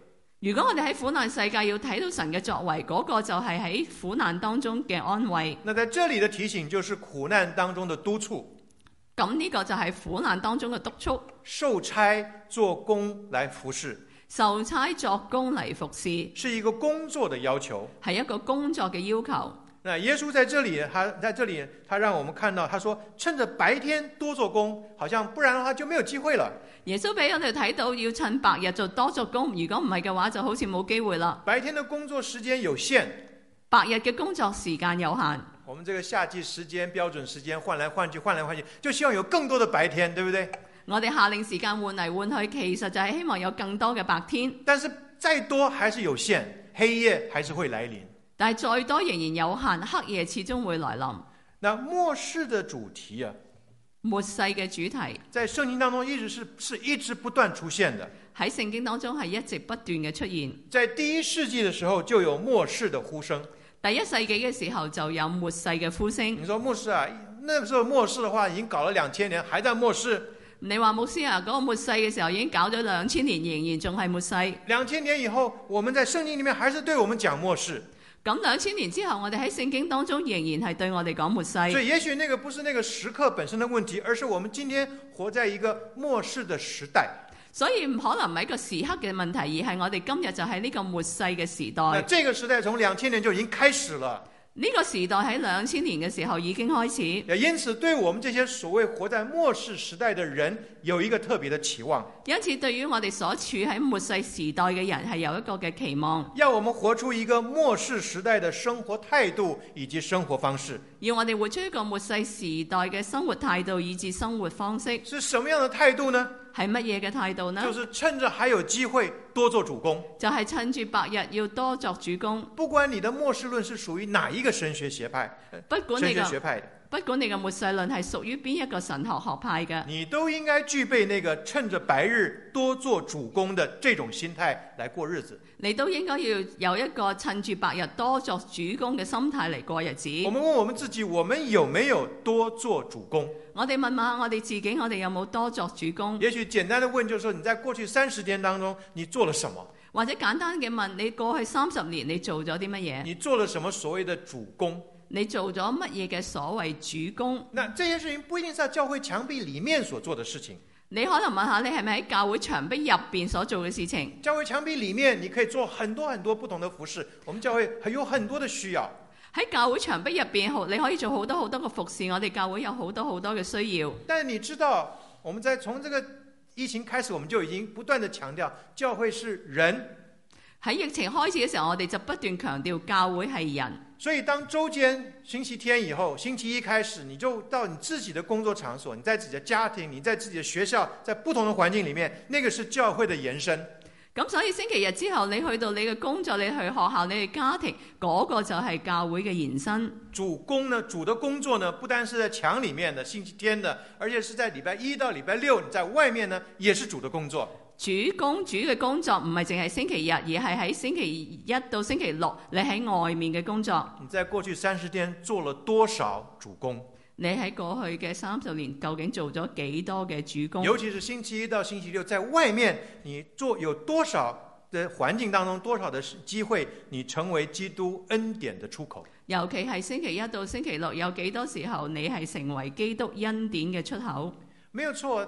如果我哋喺苦難世界要睇到神嘅作為，嗰、那個就係喺苦難當中嘅安慰。那在這裏嘅提醒就是苦難當中的督促。咁呢個就係苦難當中嘅督促。受差做工嚟服侍。受差做工嚟服侍。是一個工作嘅要求。係一個工作嘅要求。那耶穌在這裡，他在這裡，他讓我們看到，他說：“趁着白天多做工，好像不然的話就沒有機會了。”耶穌俾我哋睇到，要趁白日做多做工，如果唔係嘅話，就好似冇機會了。白天的工作時間有限，白日嘅工作時間有限。我們這個夏季時間，標準時間換來換去，換來換去，就希望有更多的白天，對不對？我哋下令時間換嚟換去，其實就係希望有更多嘅白天。但是再多還是有限，黑夜還是會來臨。但係再多仍然有限，黑夜始終會來臨。那末世的主題啊，末世嘅主題在聖經當中一直是是一直不斷出現的。喺聖經當中係一直不斷嘅出現。在第一世紀嘅時候就有末世嘅呼聲。第一世紀嘅時候就有末世嘅呼聲。你說末世啊，那時候末世的話已經搞咗兩千年，還在末世。你話牧師啊，嗰、那個末世嘅時候已經搞咗兩千年，仍然仲係末世。兩千年以後，我們在聖經裏面還是對我們講末世。咁兩千年之後，我哋喺聖經當中仍然係對我哋講末世。所以，也許那個不是那個時刻本身嘅問題，而是我們今天活在一個末世嘅時代。所以唔可能唔係一個時刻嘅問題，而係我哋今日就喺呢個末世嘅時代。嗱，這個時代從兩千年就已經開始了。呢個時代喺兩千年嘅時候已經開始。因此，對我們這些所謂活在末世時代嘅人，有一個特別嘅期望。因此，對於我哋所處喺末世時代嘅人，係有一個嘅期望。要我們活出一個末世時代嘅生活態度以及生活方式。要我哋活出一個末世時代嘅生活態度以及生活方式。是什麼樣的態度呢？係乜嘢嘅態度呢？就是趁着還有機會多做主工。就係、是、趁住白日要多作主工。不管你的末世論是屬於哪一個神學學派，宣教學派。不管這個不管你嘅末世論係屬於邊一個神學學派嘅，你都應該具備那個趁着白日多做主工的這種心態來過日子。你都應該要有一個趁住白日多做主工嘅心態嚟過日子。我們問我們自己，我們有沒有多做主工？我哋問下我哋自己，我哋有冇多做主工？也許簡單的問，就是說你在過去三十天當中，你做了什麼？或者簡單嘅問，你過去三十年你做咗啲乜嘢？你做了什麼所謂的主工？你做咗乜嘢嘅所謂主工？嗱，這些事情不一定在教會牆壁裏面所做的事情。你可能問下你係咪喺教會牆壁入邊所做嘅事情？教會牆壁裏面你可以做很多很多不同的服侍，我們教會有很多的需要。喺教會牆壁入邊，好，你可以做好多好多嘅服侍，我哋教會有好多好多嘅需要。但係你知道，我們在從這個疫情開始，我們就已經不斷的強調教會是人。喺疫情開始嘅時候，我哋就不斷強調教會係人。所以，當周間、星期天以後，星期一開始，你就到你自己的工作場所，你在自己的家庭，你在自己的學校，在不同的環境裏面，那個是教會的延伸。咁所以星期日之後，你去到你嘅工作，你去學校，你的家庭，嗰、那個就係教會嘅延伸。主工呢，主的工作呢，不單是在牆裏面的星期天的，而且是在禮拜一到禮拜六你在外面呢，也是主的工作。主工，主嘅工作唔係淨係星期日，而係喺星期一到星期六，你喺外面嘅工作。你在過去三十天做了多少主工？你喺過去嘅三十年究竟做咗幾多嘅主工？尤其是星期一到星期六，在外面你做有多少嘅環境當中，多少的機會你成為基督恩典嘅出口？尤其係星期一到星期六，有幾多時候你係成為基督恩典嘅出口？沒有錯。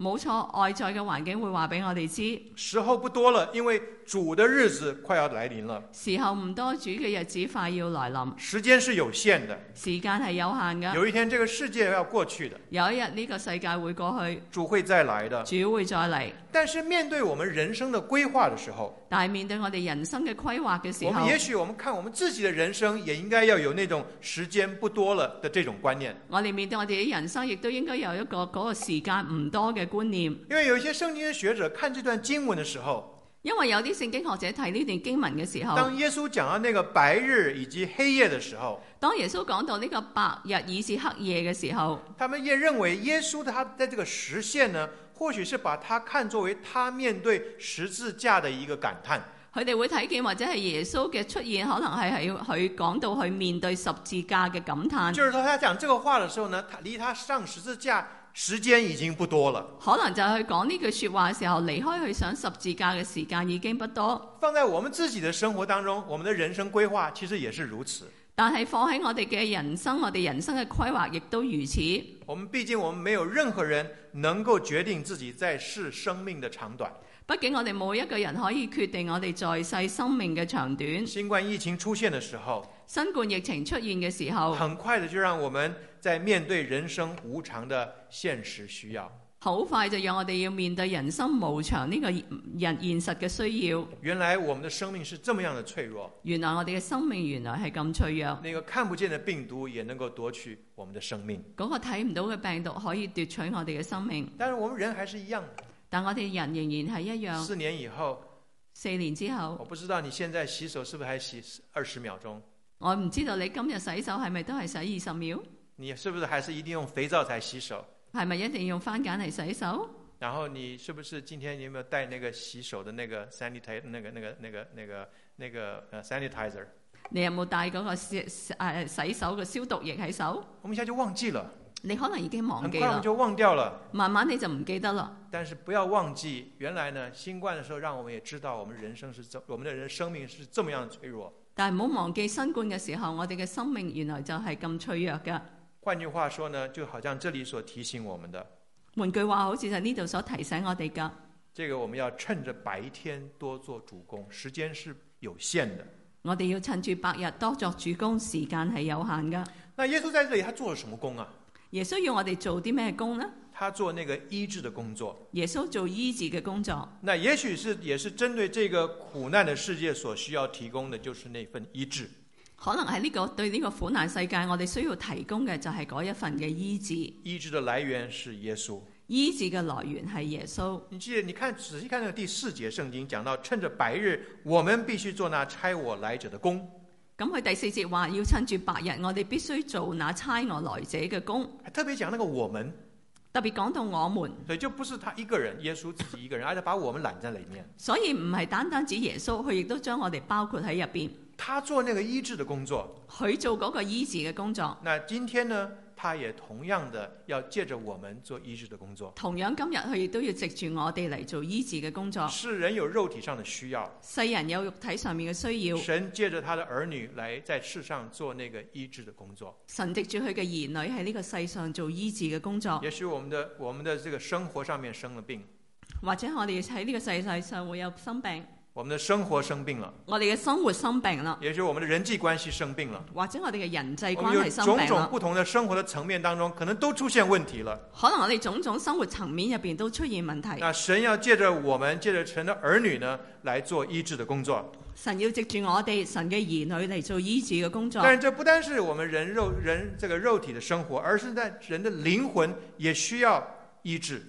冇錯，外在嘅環境會話俾我哋知。時候不多了，因為主的日子快要來臨了。時候唔多，主嘅日子快要來臨。時間是有限的。時間係有限嘅。有一天，這個世界要過去的。有一日呢個世界會過去。主會再來的。主會再嚟。但是面對我們人生的規劃嘅時候，但係面對我哋人生嘅規劃嘅時候，也許我們看我們自己的人生，也應該要有那種時間不多了的這種觀念。我哋面對我哋嘅人生，亦都應該有一個嗰個時間唔多嘅。觀念，因為有一些聖經學者看這段經文的時候，因為有啲聖經學者睇呢段經文嘅時候，當耶穌講到那個白日以及黑夜嘅時候，當耶穌講到呢個白日已是黑夜嘅時候，他們亦認為耶穌他在這個實現呢，或許是把他看作為他面對十字架的一個感嘆。佢哋會睇見或者係耶穌嘅出現，可能係喺佢講到去面對十字架嘅感嘆。就是說，他講這個話嘅時候呢，他離他上十字架，時間已經不多了，可能就係講呢句說話嘅時候，離開去上十字架嘅時間已經不多。放在我們自己的生活當中，我們的人生規劃其實也是如此。但係放喺我哋嘅人生，我哋人生嘅規劃亦都如此。我們畢竟，我們沒有任何人能夠決定自己在世生命的長短。畢竟我哋冇一個人可以決定我哋在世生命嘅長短。新冠疫情出現嘅時候，新冠疫情出現嘅時候，很快的就讓我們。在面對人生無常的現實需要，好快就讓我哋要面對人生無常呢個人現實嘅需要。原來我們的生命是這麼樣的脆弱。原來我哋嘅生命原來係咁脆弱。那個看不見的病毒也能夠奪取我們的生命。嗰個睇唔到嘅病毒可以奪取我哋嘅生命。但是我們人還是一樣。但我哋人仍然係一樣。四年以後，四年之後，我不知道你現在洗手是不是還洗二十秒鐘？我唔知道你今日洗手係咪都係洗二十秒？你是不是還是一定用肥皂才洗手？係咪一定要用番枧嚟洗手？然後你是不是今天你有冇帶那個洗手的那個 sanitai 那個那個那個那個那個、uh, sanitizer？你有冇帶嗰個洗誒、啊、洗手嘅消毒液喺手？我們一下就忘記了。你可能已經忘記啦。很快你就忘掉了。慢慢你就唔記得啦。但是不要忘記，原來呢新冠嘅時候，讓我們也知道我們人生是怎，我們的人生命是這麼樣脆弱。但係唔好忘記新冠嘅時候，我哋嘅生命原來就係咁脆弱噶。換句話說呢，就好像這裡所提醒我們的。換句話，好似在呢度所提醒我哋噶。這個我們要趁着白天多做主工，時間是有限的。我哋要趁住白日多做主工，時間係有限噶。那耶穌在這裡他做了什麼工啊？耶穌要我哋做啲咩工呢？他做那個醫治的工作。耶穌做醫治嘅工作。那也許是也是針對這個苦難的世界所需要提供的，就是那份醫治。可能係呢、這個對呢個苦難世界，我哋需要提供嘅就係嗰一份嘅醫治。醫治的來源是耶穌。醫治嘅來源係耶穌。你記得你看仔細，看呢第四節聖經講到，趁着白日，我們必須做那差我來者的工。咁佢第四節話要趁住白日，我哋必須做那差我來者嘅工。特別講那個我們，特別講到我們，所以就不是他一個人，耶穌自己一個人，而係把我們攬在裏面。 所以唔係單單指耶穌，佢亦都將我哋包括喺入邊。他做那個醫治的工作，佢做嗰個醫治嘅工作。那今天呢，他也同樣的要借着我們做醫治的工作。同樣今日佢亦都要藉住我哋嚟做醫治嘅工作。世人有肉體上的需要，世人有肉體上面嘅需要。神借着他的兒女嚟在世上做那個醫治嘅工作。神藉住佢嘅兒女喺呢個世上做醫治嘅工作。也許我們的我們的這個生活上面生了病，或者我哋喺呢個世世上會有生病。我們的生活生病了，我哋嘅生活生病了，也就是我們的人際關係生病了，或者我哋嘅人際關係生病了。有種種不同的生活的層面當中，可能都出現問題了。可能我哋種種生活層面入邊都出現問題。那神要借着我們，借着神的兒女呢，來做醫治的工作。神要藉住我哋，神嘅兒女嚟做醫治嘅工作。但是這不單是我們人肉人這個肉體的生活，而是在人的靈魂也需要醫治。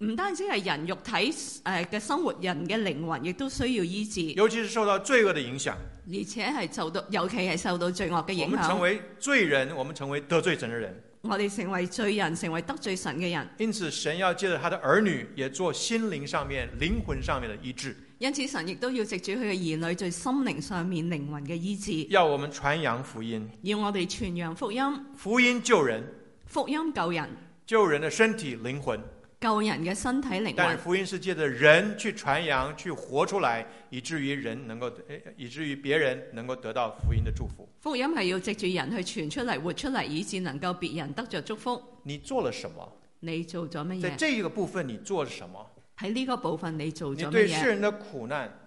唔單止係人肉體誒嘅生活，人嘅靈魂亦都需要醫治。尤其是受到罪惡的影響，而且係受到尤其係受到罪惡嘅影響。成為罪人，我們成為得罪神嘅人。我哋成為罪人，成為得罪神嘅人。因此神要借着他的兒女也做心靈上面、靈魂上面嘅醫治。因此神亦都要藉住佢嘅兒女在心靈上面、靈魂嘅醫治。要我們傳揚福音，要我哋傳揚福音，福音救人，福音救人，救人的身體靈魂。救人嘅身體靈魂，但是福音是借着人去傳揚去活出來，以至於人能夠誒，以至於別人能夠得到福音的祝福。福音係要藉住人去傳出嚟、活出嚟，以至能夠別人得着祝福。你做了什麼？你做咗乜嘢？在這一個部分，你做了什麼？喺呢個部分，你做咗乜嘢？你對世人的苦難，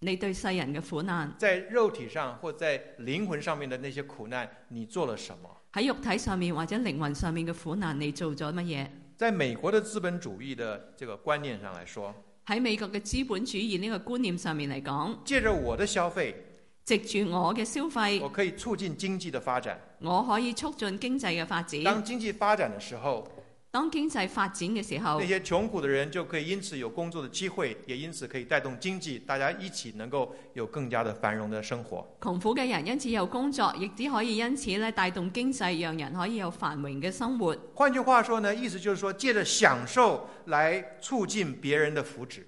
你對世人嘅苦難，在肉體上或在靈魂上面嘅那些苦難，你做了什麼？喺肉體上面或者靈魂上面嘅苦難，你做咗乜嘢？在美國的資本主義的這個觀念上來說，喺美國嘅資本主義呢個觀念上面嚟講，借着我的消費，藉住我嘅消費，我可以促進經濟的發展，我可以促進經濟嘅發展。當經濟發展的時候。當經濟發展嘅時候，那些窮苦的人就可以因此有工作的機會，也因此可以帶動經濟，大家一起能夠有更加的繁榮的生活。窮苦嘅人因此有工作，亦只可以因此咧帶動經濟，讓人可以有繁榮嘅生活。換句話說呢，意思就是說，借着享受來促進別人的福祉。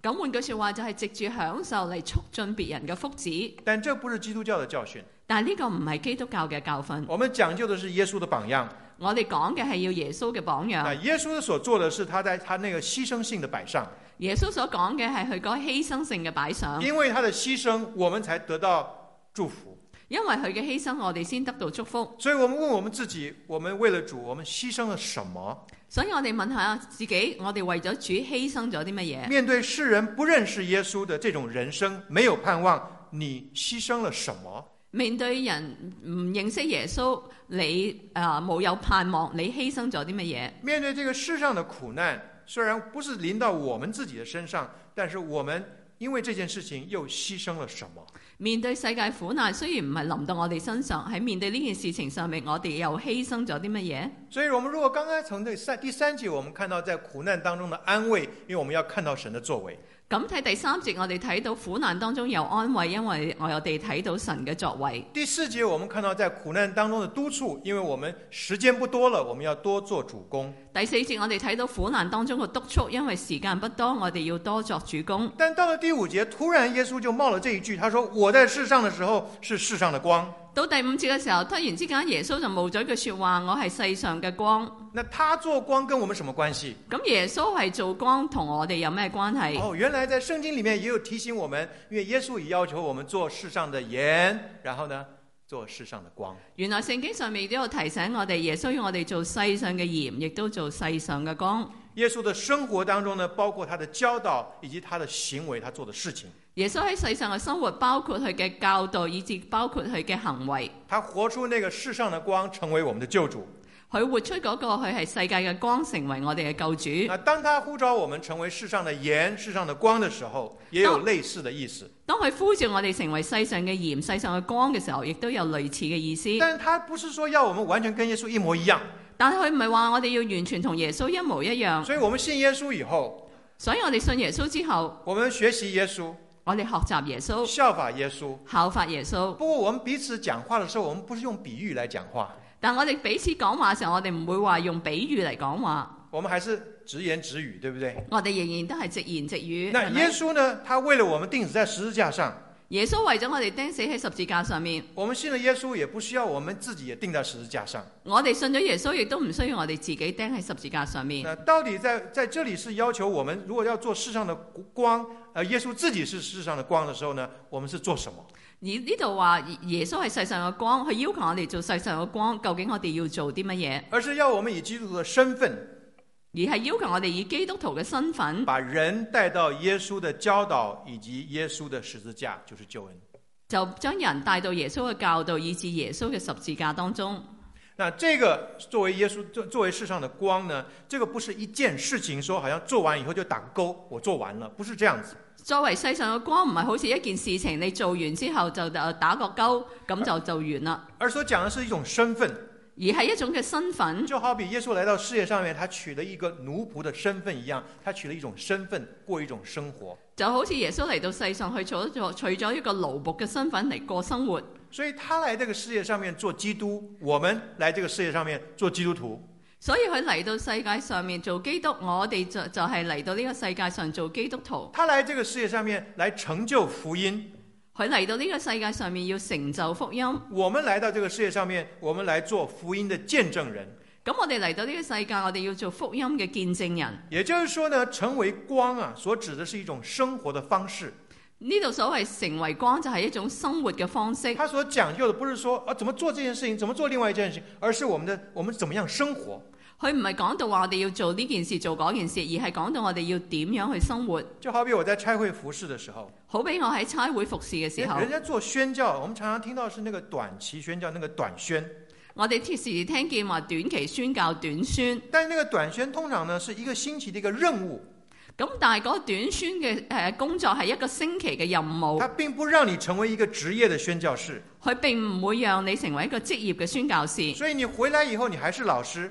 咁換句說話，就係藉住享受嚟促進別人嘅福祉。但這不是基督教的教訓。但呢個唔係基督教嘅教訓。我們講究的是耶穌的榜樣。我哋講嘅係要耶穌嘅榜樣。耶穌所做嘅是，他在他那個犧牲性的擺上。耶穌所講嘅係佢個犧牲性嘅擺上。因為他的犧牲，我們才得到祝福。因為佢嘅犧牲，我哋先得到祝福。所以我們問我們自己：我們為了主，我們犧牲了什麼？所以我哋問下自己：我哋為咗主犧牲咗啲乜嘢？面對世人不認識耶穌的這種人生，沒有盼望，你犧牲了什麼？面對人唔認識耶穌，你啊冇、呃、有盼望？你犧牲咗啲乜嘢？面對這個世上的苦難，雖然不是臨到我們自己的身上，但是我們因為這件事情又犧牲了什麼？面對世界苦難，雖然唔係臨到我哋身上，喺面對呢件事情上面，我哋又犧牲咗啲乜嘢？所以我們如果剛剛從這三第三節，三集我們看到在苦難當中的安慰，因為我們要看到神的作為。咁睇第三節，我哋睇到苦難當中有安慰，因為我哋睇到神嘅作為。第四節，我哋看到在苦難當中的督促，因為我們時間不多了，我們要多做主工。第四節我哋睇到苦難當中嘅督促，因為時間不多，我哋要多作主工。但到了第五節，突然耶穌就冒了這一句，他說：我在世上的時候是世上的光。到第五節嘅時候，突然之間耶穌就冒咗一句說話：我係世上嘅光。那他做光跟我們什麼關係？咁耶穌係做光，同我哋有咩關係？哦，原來在聖經裏面也有提醒我們，因為耶穌已要求我們做世上的鹽，然後呢？做世上的光。原來聖經上面都有提醒我哋，耶穌要我哋做世上嘅鹽，亦都做世上嘅光。耶穌的生活當中呢，包括他的教導以及他的行為，他做的事情。耶穌喺世上嘅生活，包括佢嘅教導，以至包括佢嘅行為。他活出那個世上嘅光，成為我們的救主。佢活出嗰、那個佢係世界嘅光，成為我哋嘅救主。當當他呼召我們成為世上的鹽、世上的光的時候，也有類似的意思。當佢呼召我哋成為世上嘅鹽、世上嘅光嘅時候，亦都有類似嘅意思。但係他不是說要我們完全跟耶穌一模一樣。但係佢唔係話我哋要完全同耶穌一模一樣。所以我們信耶穌以後，所以我哋信耶穌之後，我們學習耶穌，我哋學習耶穌，學習耶穌，耶穌，效法耶穌，效法耶穌。不過我們彼此講話的時候，我們不是用比喻嚟講話。但我哋彼此講話嘅時候，我哋唔會話用比喻嚟講話。我們還是直言直語，對不對？我哋仍然都係直言直語。那耶穌呢，對不對？他為了我們釘死在十字架上。耶穌為咗我哋釘死喺十字架上面。我們信咗耶穌，也不需要我們自己也釘在十字架上。我哋信咗耶穌，亦都唔需要我哋自己釘喺十字架上面。那到底在在這裏是要求我們，如果要做世上的光，呃，耶穌自己是世上的光的時候呢？我們是做什麼？而呢度話耶穌係世上嘅光，佢要求我哋做世上嘅光。究竟我哋要做啲乜嘢？而是要我們以基督徒的身份，而係要求我哋以基督徒嘅身份，把人帶到耶穌的教導以及耶穌的十字架，就是救恩。就將人帶到耶穌嘅教導以至耶穌嘅十字架當中。嗱，這個作為耶穌作作為世上的光呢？這個不是一件事情，說好像做完以後就打個勾，我做完了，不是這樣子。作為世上嘅光，唔係好似一件事情，你做完之後，就誒打個勾，咁就做完啦。而所講嘅是一種身份，而係一種嘅身份。就好比耶穌嚟到世界上面，他取了一個奴僕嘅身份一樣，他取了一種身份過一種生活。就好似耶穌嚟到世上去咗做，取咗一個奴僕嘅身份嚟過生活。所以他嚟這個世界上面做基督，我們嚟這個世界上面做基督徒。所以佢嚟到世界上面做基督，我哋就就係嚟到呢個世界上做基督徒。他嚟這個世界上面嚟成就福音。佢嚟到呢個世界上面要成就福音。我們嚟到呢個世界上面，我們嚟做福音嘅見證人。咁我哋嚟到呢個世界，我哋要做福音嘅見證人。也就是說呢，成為光啊，所指的是一種生活嘅方式。呢度所謂成為光就係一種生活嘅方式。他所講究嘅，不是說啊，怎麼做這件事情，怎麼做另外一件事情，而是我們的我們怎麼樣生活。佢唔係講到話我哋要做呢件事做嗰件事，而係講到我哋要點樣去生活。就好比我在差會服侍嘅時候，好比我喺差會服侍嘅時候，人家做宣教，我哋常常聽到是那個短期宣教，那個短宣。我哋時時聽見話短期宣教，短宣，但係那個短宣通常呢是一個星期嘅一個任務。咁但係嗰個短宣嘅誒工作係一個星期嘅任務。佢並不讓你成為一個職業嘅宣教師。佢並唔會讓你成為一個職業嘅宣教師。所以你回來以後，你還是老師。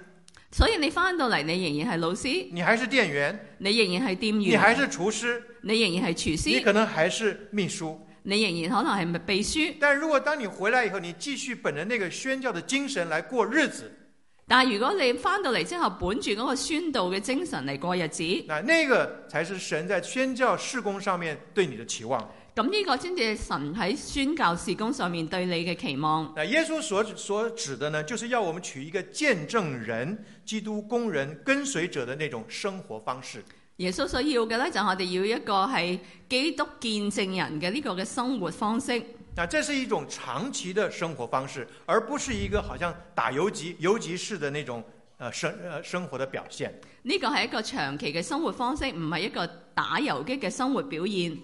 所以你翻到嚟，你仍然係老師。你還是店員。你仍然係店員。你還是廚師。你仍然係廚師。你可能還是秘書。你仍然可能係秘書。但如果當你回來以後，你繼續本着那個宣教的精神嚟過日子。但係如果你翻到嚟之後，本住嗰個宣道嘅精神嚟過日子。嗱，呢個才是神在宣教事工上面對你的期望。咁呢個先至係神喺宣教事工上面對你嘅期望。誒，耶穌所所指的呢，就是要我們取一個見證人、基督工人、跟隨者的那種生活方式。耶穌所要嘅呢，就我哋要一個係基督見證人嘅呢個嘅生活方式。嗱，這是一種長期的生活方式，而不是一個好像打遊擊、遊擊式的那種生、呃、生活的表現。呢、這個係一個長期嘅生活方式，唔係一個打遊擊嘅生活表現。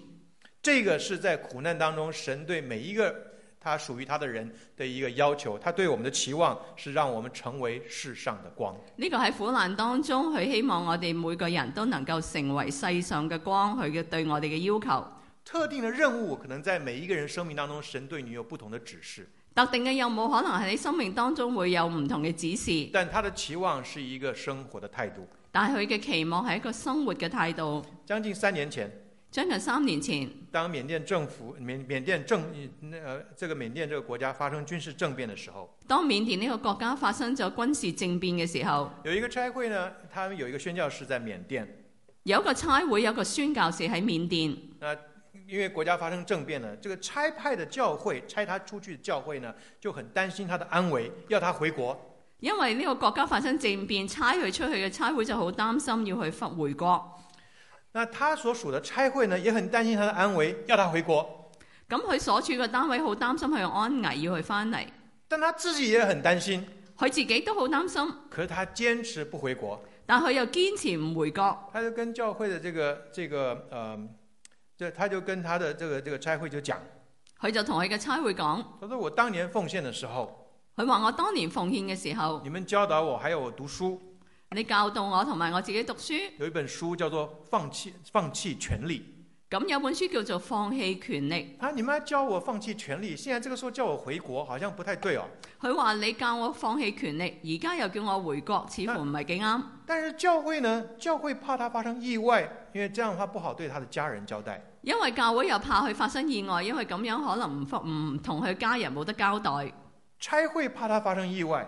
這個是在苦難當中，神對每一個他屬於他的人的一個要求，他對我們的期望是讓我們成為世上的光。呢個喺苦難當中，佢希望我哋每個人都能夠成為世上嘅光，佢嘅對我哋嘅要求。特定的任務可能在每一個人生命當中，神對你有不同的指示。特定嘅任務可能喺你生命當中會有唔同嘅指示。但他的期望是一個生活的態度。但係佢嘅期望係一個生活嘅態度。將近三年前。將近三年前，當緬甸政府、緬緬甸政、那、呃、這個緬甸這個國家發生軍事政變嘅時候，當緬甸呢個國家發生咗軍事政變嘅時候，有一個差會呢，他有一個宣教士在緬甸，有一個差會有一個宣教士喺緬甸。因為國家發生政變呢，這個差派的教會差他出去的教會呢，就很擔心他的安危，要他回國。因為呢個國家發生政變，差佢出去嘅差會就好擔心要去返回國。那他所屬的差會呢，也很擔心他的安危，要他回國。咁佢所處嘅單位好擔心佢嘅安危，要佢翻嚟。但他自己也很擔心，佢自己都好擔心。可是他堅持不回國，但佢又堅持唔回國。他就跟教會的這個這個，呃，就他就跟他的這個這個差會就講，佢就同佢嘅差會講，他說我當年奉獻嘅時候，佢話我當年奉獻嘅時候，你們教導我，還有我讀書。你教導我同埋我自己讀書。有一本書叫做放棄放棄權力。咁有本書叫做《放棄權利》。啊，你媽教我放棄權利，現在這個時候叫我回國，好像不太對哦、啊。佢話你教我放棄權力，而家又叫我回國，似乎唔係幾啱。但是教會呢？教會怕他發生意外，因為這樣話不好對他的家人交代。因為教會又怕佢發生意外，因為咁樣可能唔服唔同佢家人冇得交代。差會怕他發生意外。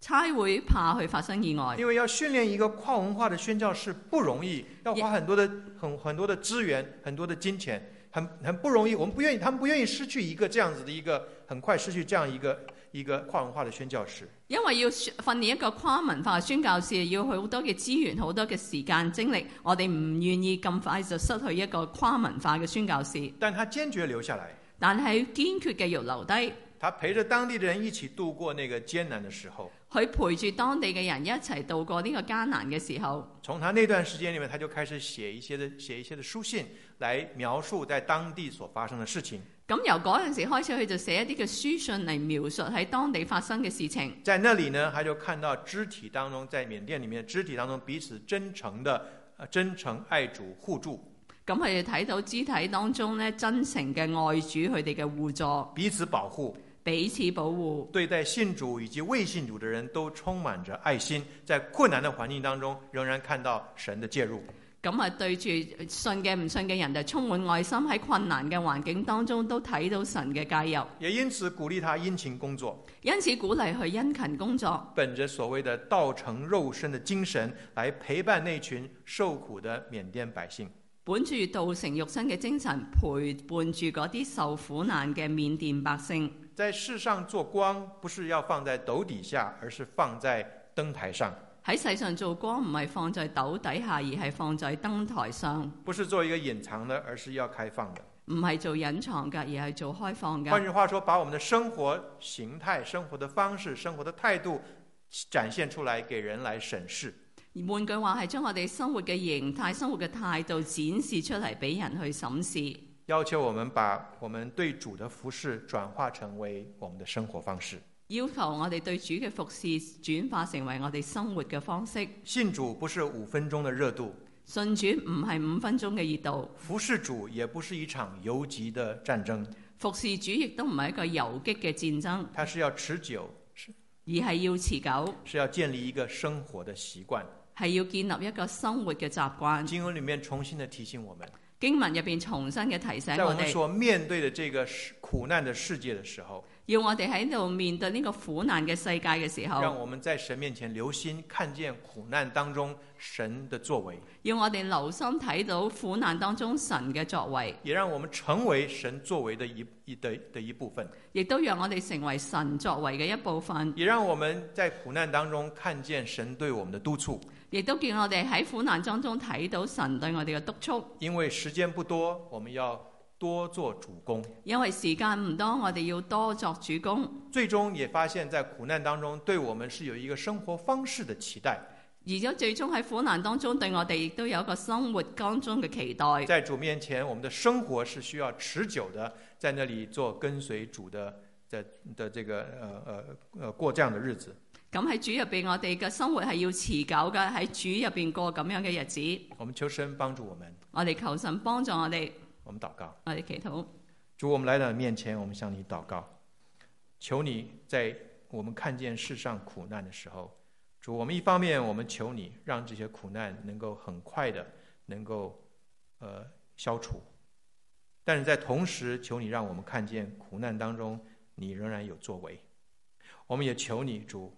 差會怕去發生意外，因為要訓練一個跨文化的宣教士不容易，要花很多的很很多的資源、很多的金錢，很很不容易。我們不願意，他們不願意失去一個這樣子的、一個很快失去這樣一個一個跨文化的宣教士。因為要訓練一個跨文化的宣教士，要去好多嘅資源、好多嘅時間精力，我哋唔願意咁快就失去一個跨文化嘅宣教士。但他堅決留下來，但係堅決繼續留低。他陪着當地的人一起度過那個艱難的時候。佢陪住當地嘅人一齊度過呢個艱難嘅時候。從他那段時間裏面，他就開始寫一些嘅寫一些的書信，來描述在當地所發生嘅事情。咁由嗰陣時開始，佢就寫一啲嘅書信嚟描述喺當地發生嘅事情。在那裡呢，他就看到肢體當中，在緬甸裡面嘅肢體當中彼此真誠的，真誠愛主互助。咁佢哋睇到肢體當中呢，真誠嘅愛主佢哋嘅互助，彼此保護。彼此保護，對待信主以及未信主的人都充滿着愛心，在困難的環境當中，仍然看到神的介入。咁啊，對住信嘅唔信嘅人就充滿愛心，喺困難嘅環境當中都睇到神嘅介入。也因此鼓勵他殷勤工作，因此鼓勵佢殷勤工作，本着所謂的道成肉身的精神，來陪伴那群受苦的緬甸百姓。本住道成肉身嘅精神，陪伴住嗰啲受苦難嘅緬甸百姓。在世上做光，不是要放在斗底下，而是放在燈臺上。喺世上做光，唔係放在斗底下，而係放在燈臺上。不是做一個隱藏的，而是要開放嘅，唔係做隱藏嘅，而係做開放嘅。換句話說，把我們的生活形態、生活的方式、生活的態度展現出來，給人來審視。而換句話，係將我哋生活嘅形態、生活嘅態度展示出嚟俾人去審視。要求我們把我們對主嘅服侍轉化成為我們嘅生活方式。要求我哋對主嘅服侍轉化成為我哋生活嘅方式。信主不是五分鐘嘅熱度。信主唔係五分鐘嘅熱度。服侍主也不是一場遊擊嘅戰爭。服侍主亦都唔係一個遊擊嘅戰爭。它是要持久，而係要持久。是要建立一個生活的習慣。係要建立一個生活嘅習慣。經文裏面重新的提醒我們，經文入邊重新嘅提醒我哋。在我們所面對的這個苦難的世界的時候，要我哋喺度面對呢個苦難嘅世界嘅時候。讓我們在神面前留心看見苦難當中神的作為。要我哋留心睇到苦難當中神嘅作為。也讓我們成為神作為的一一的一部分。亦都讓我哋成為神作為嘅一部分。也讓我們在苦難當中看見神對我們的督促。亦都叫我哋喺苦難當中睇到神對我哋嘅督促。因為時間不多，我們要多做主工；因為時間唔多，我哋要多作主工。最終也發現，在苦難當中，對我們是有一個生活方式嘅期待。而咗最終喺苦難當中，對我哋亦都有一個生活當中嘅期待。在主面前，我們的生活是需要持久的，在那裏做跟隨主的的的這個呃呃呃過這樣的日子。咁喺主入邊，我哋嘅生活係要持久嘅。喺主入邊過咁樣嘅日子。我們求神幫助我們。我哋求神幫助我哋。我們禱告。我哋祈禱。主，我們來到你面前，我們向你禱告，求你在我們看見世上苦難的時候，主，我們一方面，我們求你讓這些苦難能夠很快的能夠，呃，消除。但是在同時，求你讓我們看見苦難當中，你仍然有作為。我們也求你，主。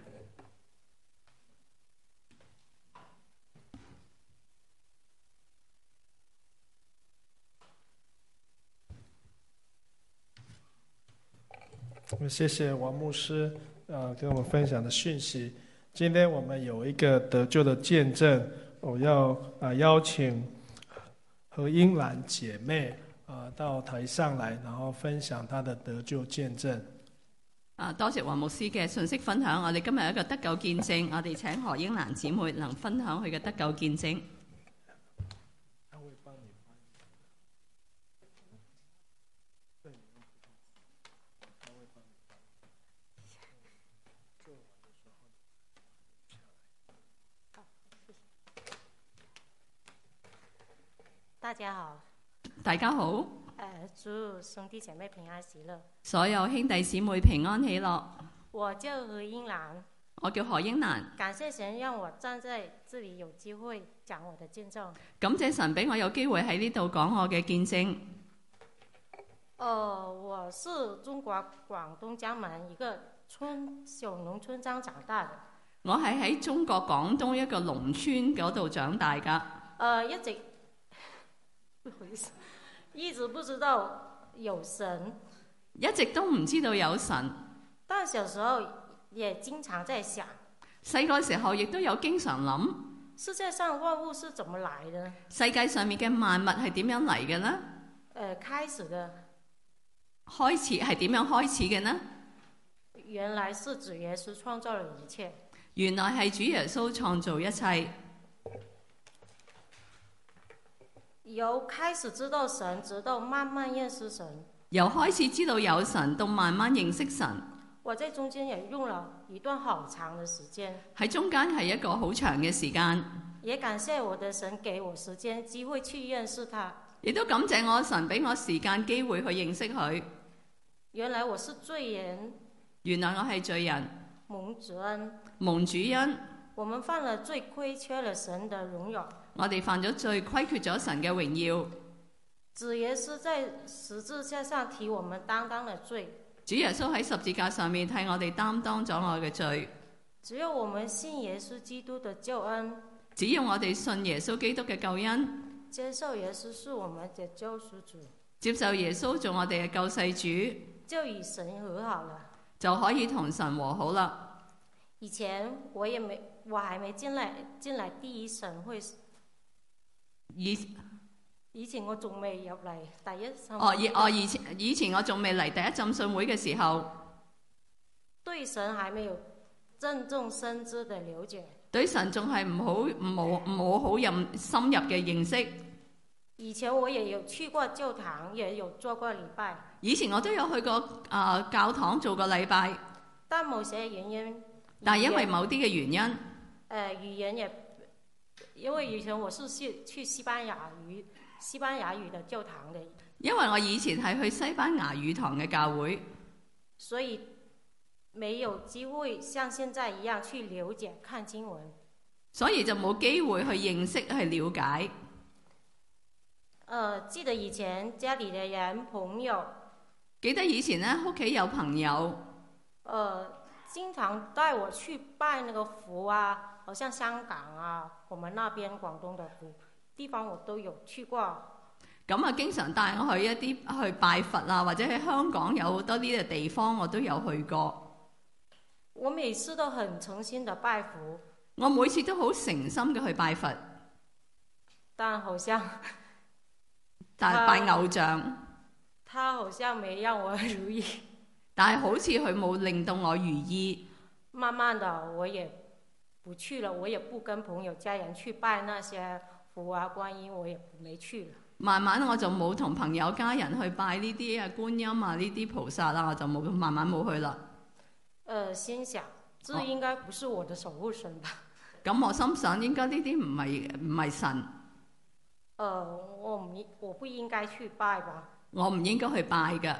我謝謝王牧師，啊，跟我們分享的訊息。今天我們有一個得救的見證，我要啊邀請何英蘭姐妹啊到台上來，然後分享她的得救見證。啊，多謝王牧師嘅信息分享。我哋今日一個得救見證，我哋請何英蘭姊妹能分享佢嘅得救見證。大家好，大家好。誒，祝兄弟姐妹平安喜樂。所有兄弟姊妹平安喜樂。我叫何英蘭，我叫何英蘭。感謝神讓我站在這裡有機會講我的見證。感謝神俾我有機會喺呢度講我嘅見證。哦、呃，我是中國廣東江門一個村小農村莊長，長大的。我係喺中國廣東一個農村嗰度長大噶。誒、呃，一直。一直不知道有神，一直都唔知道有神。但小時候也經常在想，細個時候亦都有經常諗，世界上萬物是怎麼來的？世界上面嘅萬物係點樣嚟嘅呢？呃，開始嘅開始係點樣開始嘅呢？原來是主耶穌創造了一切，原來係主耶穌創造一切。由開始知道神，直到慢慢認識神。由開始知道有神，到慢慢認識神。我在中間也用了一段好長的時間。喺中間係一個好長嘅時間。也感謝我的神給我時間機會去認識他。亦都感謝我神俾我時間機會去認識佢。原來我是罪人。原來我係罪人。蒙主恩。蒙主恩。我們犯了罪，虧缺了神的榮耀。我哋犯咗罪，虧缺咗神嘅榮耀。主耶穌在十字架上替我們擔當了罪。主耶穌喺十字架上面替我哋擔當咗我嘅罪。只要我們信耶穌基督的救恩。只要我哋信耶穌基督嘅救，救恩。接受耶穌是我們的救世主救。接受耶穌做我哋嘅救世主。就與神和好了。就可以同神和好啦。以前我也沒我還沒進來，進來第一神會。以以前我仲未入嚟第一浸哦，以哦以前以前我仲未嚟第一浸信會嘅時候，對神還沒有真正深知的了解，對神仲係唔好唔冇唔冇好任深入嘅認識。以前我也有去過教堂，也有做過禮拜。以前我都有去過啊教堂做過禮拜，但某些原因，但係因為某啲嘅原因，誒，語言也。因為以前我是去去西班牙語西班牙語的教堂的，因為我以前係去西班牙語堂嘅教會，所以沒有機會像現在一樣去了解看經文，所以就冇機會去認識去了解。誒、呃，記得以前家裡的人朋友，記得以前呢屋企有朋友，誒、呃，經常帶我去拜那個佛啊。好像香港啊，我們那邊廣東的地方我都有去過。咁啊，經常帶我去一啲去拜佛啊，或者喺香港有好多呢啲地方我都有去過。我每次都很誠心的拜佛，我每次都好誠心嘅去拜佛，但好像但拜偶像他，他好像沒讓我如意，但係好似佢冇令到我如意，慢慢的我也。不去了，我也不跟朋友、家人去拜那些佛啊、觀音，我也沒去了。慢慢我就冇同朋友、家人去拜呢啲啊觀音啊呢啲菩薩啦、啊，我就冇慢慢冇去啦。呃，心想這應該不是我的守護神吧？咁、哦哦嗯、我心想，應該呢啲唔係唔係神。呃，我唔應，我不應該去拜吧？我唔應該去拜噶。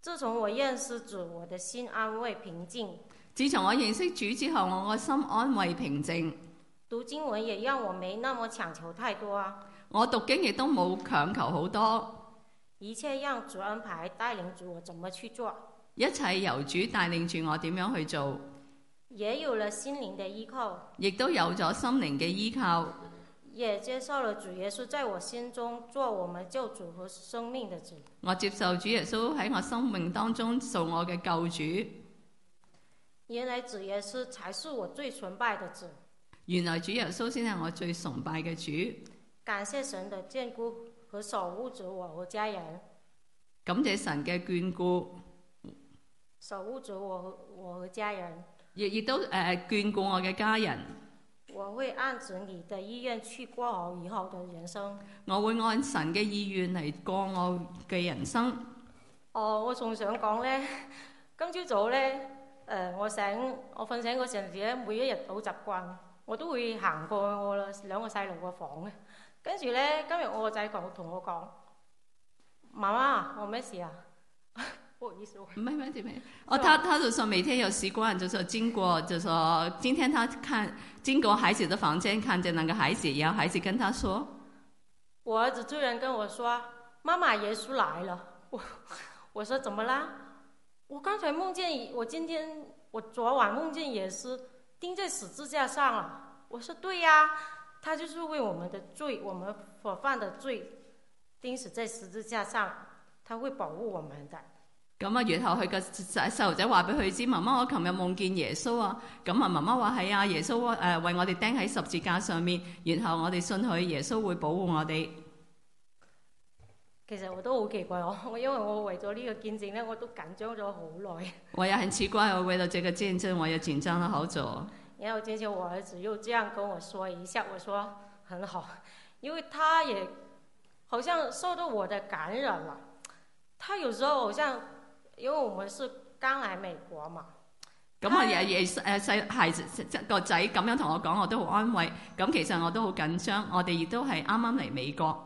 自從我認識主，我的心安慰平靜。自從我認識主之後，我個心安慰平靜。讀經文也讓我沒那麼強求太多啊。我讀經亦都冇強求好多，一切讓主安排，帶領住我怎麼去做。一切由主帶領住我點樣去做，也有了心靈的依靠，亦都有咗心靈嘅依靠，也接受了主耶穌在我心中做我們救主和生命的主。我接受主耶穌喺我生命當中做我嘅救主。原來，是是原來主耶穌才是我最崇拜的主。原來主耶穌先係我最崇拜嘅主。感謝神的眷顧和守護着我和家人。感謝神嘅眷顧，守護住我，我和家人。亦亦都誒、呃、眷顧我嘅家人。我會按着你的意願去過好以後嘅人生。我會按神嘅意願嚟過我嘅人生。哦，我仲想講咧，今朝早咧。誒、呃，我醒，我瞓醒嗰陣時咧，每一日好習慣，我都會行過我兩個細路個房嘅。跟住咧，今日我個仔講，同我講，媽媽，我咩事啊？唔係咩事咩？哦、我他他就說，每天有習慣，就是經過，就是今天他看經過孩子的房間，看見兩個孩子，然後孩子跟佢講，我兒子突然跟我講，媽媽，耶穌來了。我， 我說怎麼啦？我剛才夢見，我今天我昨晚夢見耶穌釘在十字架上了、啊。我說對呀、啊，他就是為我們的罪，我們所犯的罪，釘死在十字架上，他會保護我們的。咁啊，然後佢個細路仔話俾佢知，媽媽，我琴日夢見耶穌啊。咁啊，媽媽話係啊，耶穌誒為我哋釘喺十字架上面，然後我哋信佢，耶穌會保護我哋。其實我都好奇怪我，因為我為咗呢個見證咧，我都緊張咗好耐。我也很奇怪，我為咗這個見證，我也緊張咗好久。然後今天我兒子又這樣跟我說一下，我說很好，因為他也好像受到我的感染啦。他有時候好像，因為我們是剛來美國嘛。咁我，我，我也也誒細孩子個仔咁樣同我講，我都好安慰。咁其實我都好緊張，我哋亦都係啱啱嚟美國。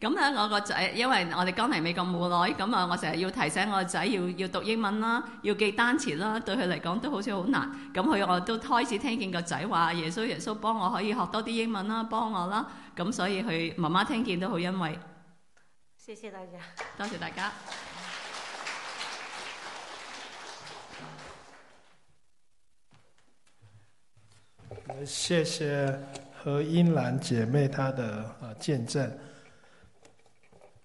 咁咧，我個仔，因為我哋剛嚟美國冇耐，咁啊，我成日要提醒我個仔要要讀英文啦，要記單詞啦，對佢嚟講都好似好難。咁佢我都開始聽見個仔話：耶穌，耶穌幫我可以學多啲英文啦，幫我啦。咁所以佢媽媽聽見都好欣慰。謝謝大家，多謝大家。謝謝何英蘭姐妹她的啊見證。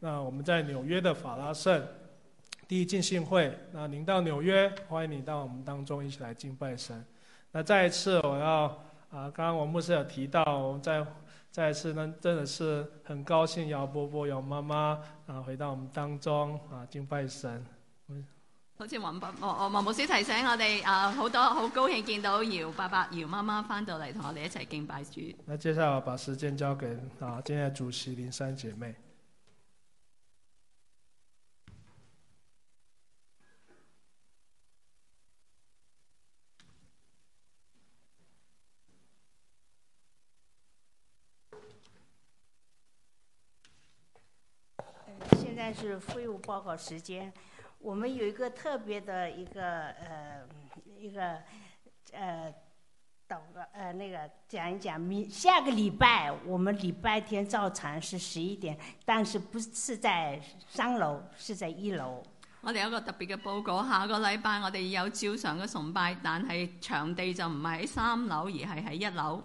那我們在紐約的法拉盛第一浸信會。那您到紐約，歡迎你到我們當中一起來敬拜神。那再一次，我要啊，剛剛我牧師有提到，我們再再一次呢，真的是很高興姚伯伯、姚媽媽啊回到我們當中啊敬拜神。好我，似王伯王牧師提醒我哋啊，好多好高興見到姚伯伯、姚媽媽翻到嚟同我哋一齊敬拜主。那接下來，我把時間交給啊，今日主席林三姐妹。財務報告時間，我們有一個特別的一個呃一個呃導呃那個講一講，明下個禮拜我們禮拜天照常是十一點，但是不是在三樓，是在一樓。我哋有一個特別嘅報告，下個禮拜我哋有照常嘅崇拜，但係場地就唔係喺三樓，而係喺一樓。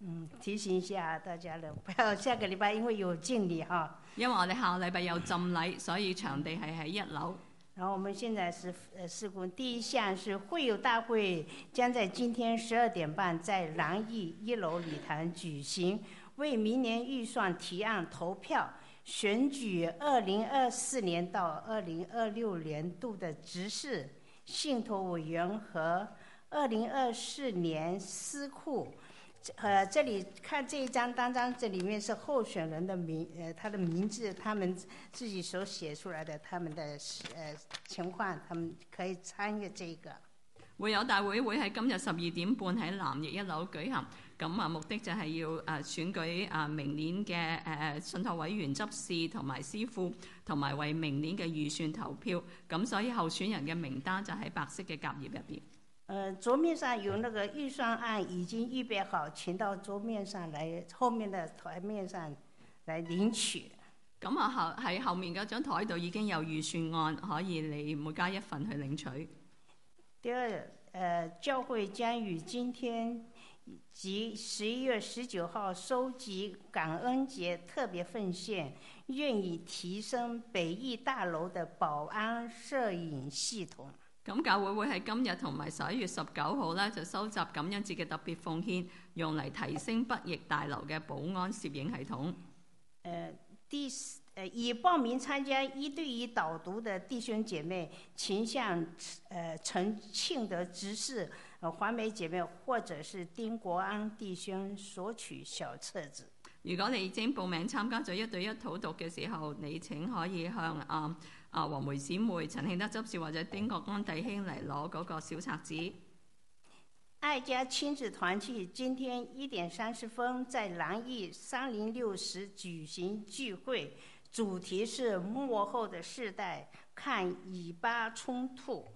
嗯，提醒一下大家啦，不要下個禮拜，因為有敬禮哈。因為我哋下個禮拜有浸禮，所以場地是喺一樓。然後我們現在是，呃施工第一項是會友大會，將在今天十二點半在南益一樓禮堂舉行，為明年預算提案投票，選舉二零二四年到二零二六年度的執事、信託委員和二零二四年司庫。呃，這裡看這一張單張，這裡面是候選人的名，呃，他的名字，他們自己所寫出來的他們的呃情況，他們可以參與這個。會友大會會喺今日十二點半喺南翼一樓舉行，咁啊目的就係要啊選舉啊明年嘅誒信託委員執事同埋司庫同埋為明年嘅預算投票，咁所以候選人嘅名單就喺白色嘅夾頁入邊。呃，桌面上有那個預算案已經預備好，請到桌面上來，後面的台面上來領取。咁啊，後喺後面嗰張台度已經有預算案，可以你每加一份去領取。第二，呃，教會將於今天及十一月十九號收集感恩節特別奉獻，願意提升北翼大樓的保安攝影系統。咁教會會喺今日同埋十一月十九號咧，就收集感恩節嘅特別奉獻，用嚟提升北翼大樓嘅保安攝影系統。誒，弟誒，已報名參加一對一導讀嘅弟兄姐妹，請向誒陳慶德執事、華、呃、美姐妹，或者是丁國安弟兄索取小冊子。如果你已經報名參加咗一對一導讀嘅時候，你請可以向誒。啊啊！黃梅姊妹、陳慶德執事或者丁國安弟兄嚟攞嗰個小冊子。愛家親子團契今天一點三十分在南邑三零六室舉行聚會，主題是末後的世代看以巴衝突。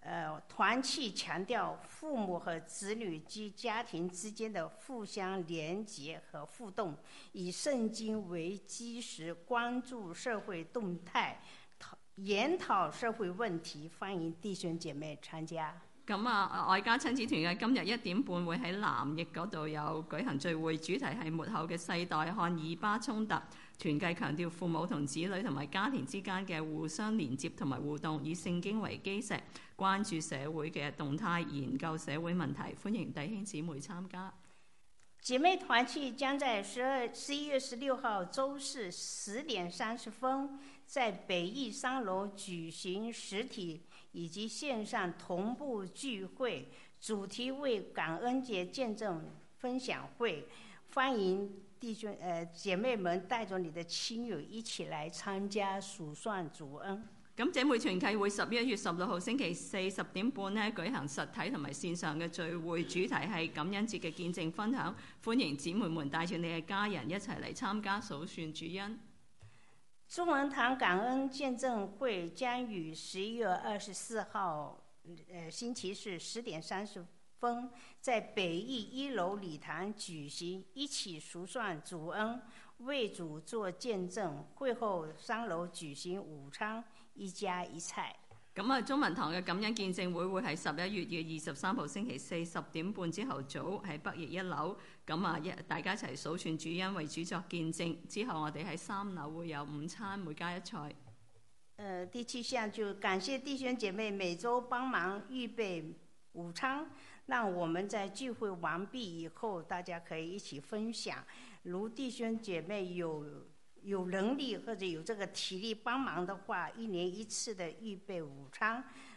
誒、呃，團契強調父母和子女及家庭之間的互相連結和互動，以聖經為基石，關注社會動態。研討社會問題，歡迎弟兄姐妹參加。咁啊，外家親子團嘅今日一點半會喺南翼嗰度有舉行聚會，主題係末後嘅世代漢爾巴衝突。團契強調父母同子女同埋家庭之間嘅互相連接同埋互動，以聖經為基石，關注社會嘅動態，研究社會問題，歡迎弟兄姊妹參加。姐妹團契將在十二十一月十六號周四十點三十分，在北翼三樓舉行實體以及線上同步聚會，主題為感恩節見證分享會，歡迎弟兄、誒、呃、姐妹們帶着你的親友一起來參加數算主恩。咁姐妹團契會十一月十六號星期四十點半呢舉行實體同埋線上嘅聚會，主題係感恩節嘅見證分享，歡迎姊妹們帶住你嘅家人一齊嚟參加數算主恩。中文堂感恩見證會將於十一月二十四號，呃，星期四十點三十分，在北翼一樓禮堂舉行，一起數算主恩，為主做見證。會後三樓舉行午餐，一家一菜。咁啊，中文堂嘅感恩見證會會喺十一月嘅二十三號星期四十點半之後早喺北翼一樓。咁啊，一大家一齊數算主恩，為主作見證。之後我哋喺三樓會有午餐，每家一菜。誒、呃，第七項就感謝弟兄姐妹每周幫忙預備午餐，那我們在聚會完畢以後，大家可以一起分享。如弟兄姐妹有有能力或者有這個體力幫忙的話，一年一次的預備午餐。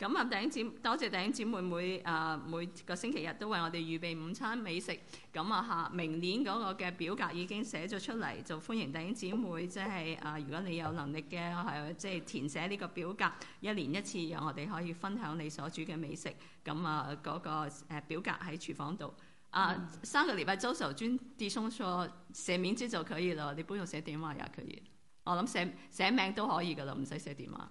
咁啊，弟兄、嗯、姐、嗯，多謝弟兄姐妹妹誒每、呃、每個星期日都為我哋預備午餐美食。咁啊嚇，明年嗰個嘅表格已經寫咗出嚟，就歡迎弟兄姐妹即係誒、呃，如果你有能力嘅係即係填寫呢個表格，一年一次，讓我哋可以分享你所煮嘅美食。咁啊嗰個表格喺廚房度。啊、呃嗯，三個禮拜周壽專寄送錯寫名字就可以咯，你不用寫電話也可以了。我諗寫寫名都可以噶啦，唔使寫電話。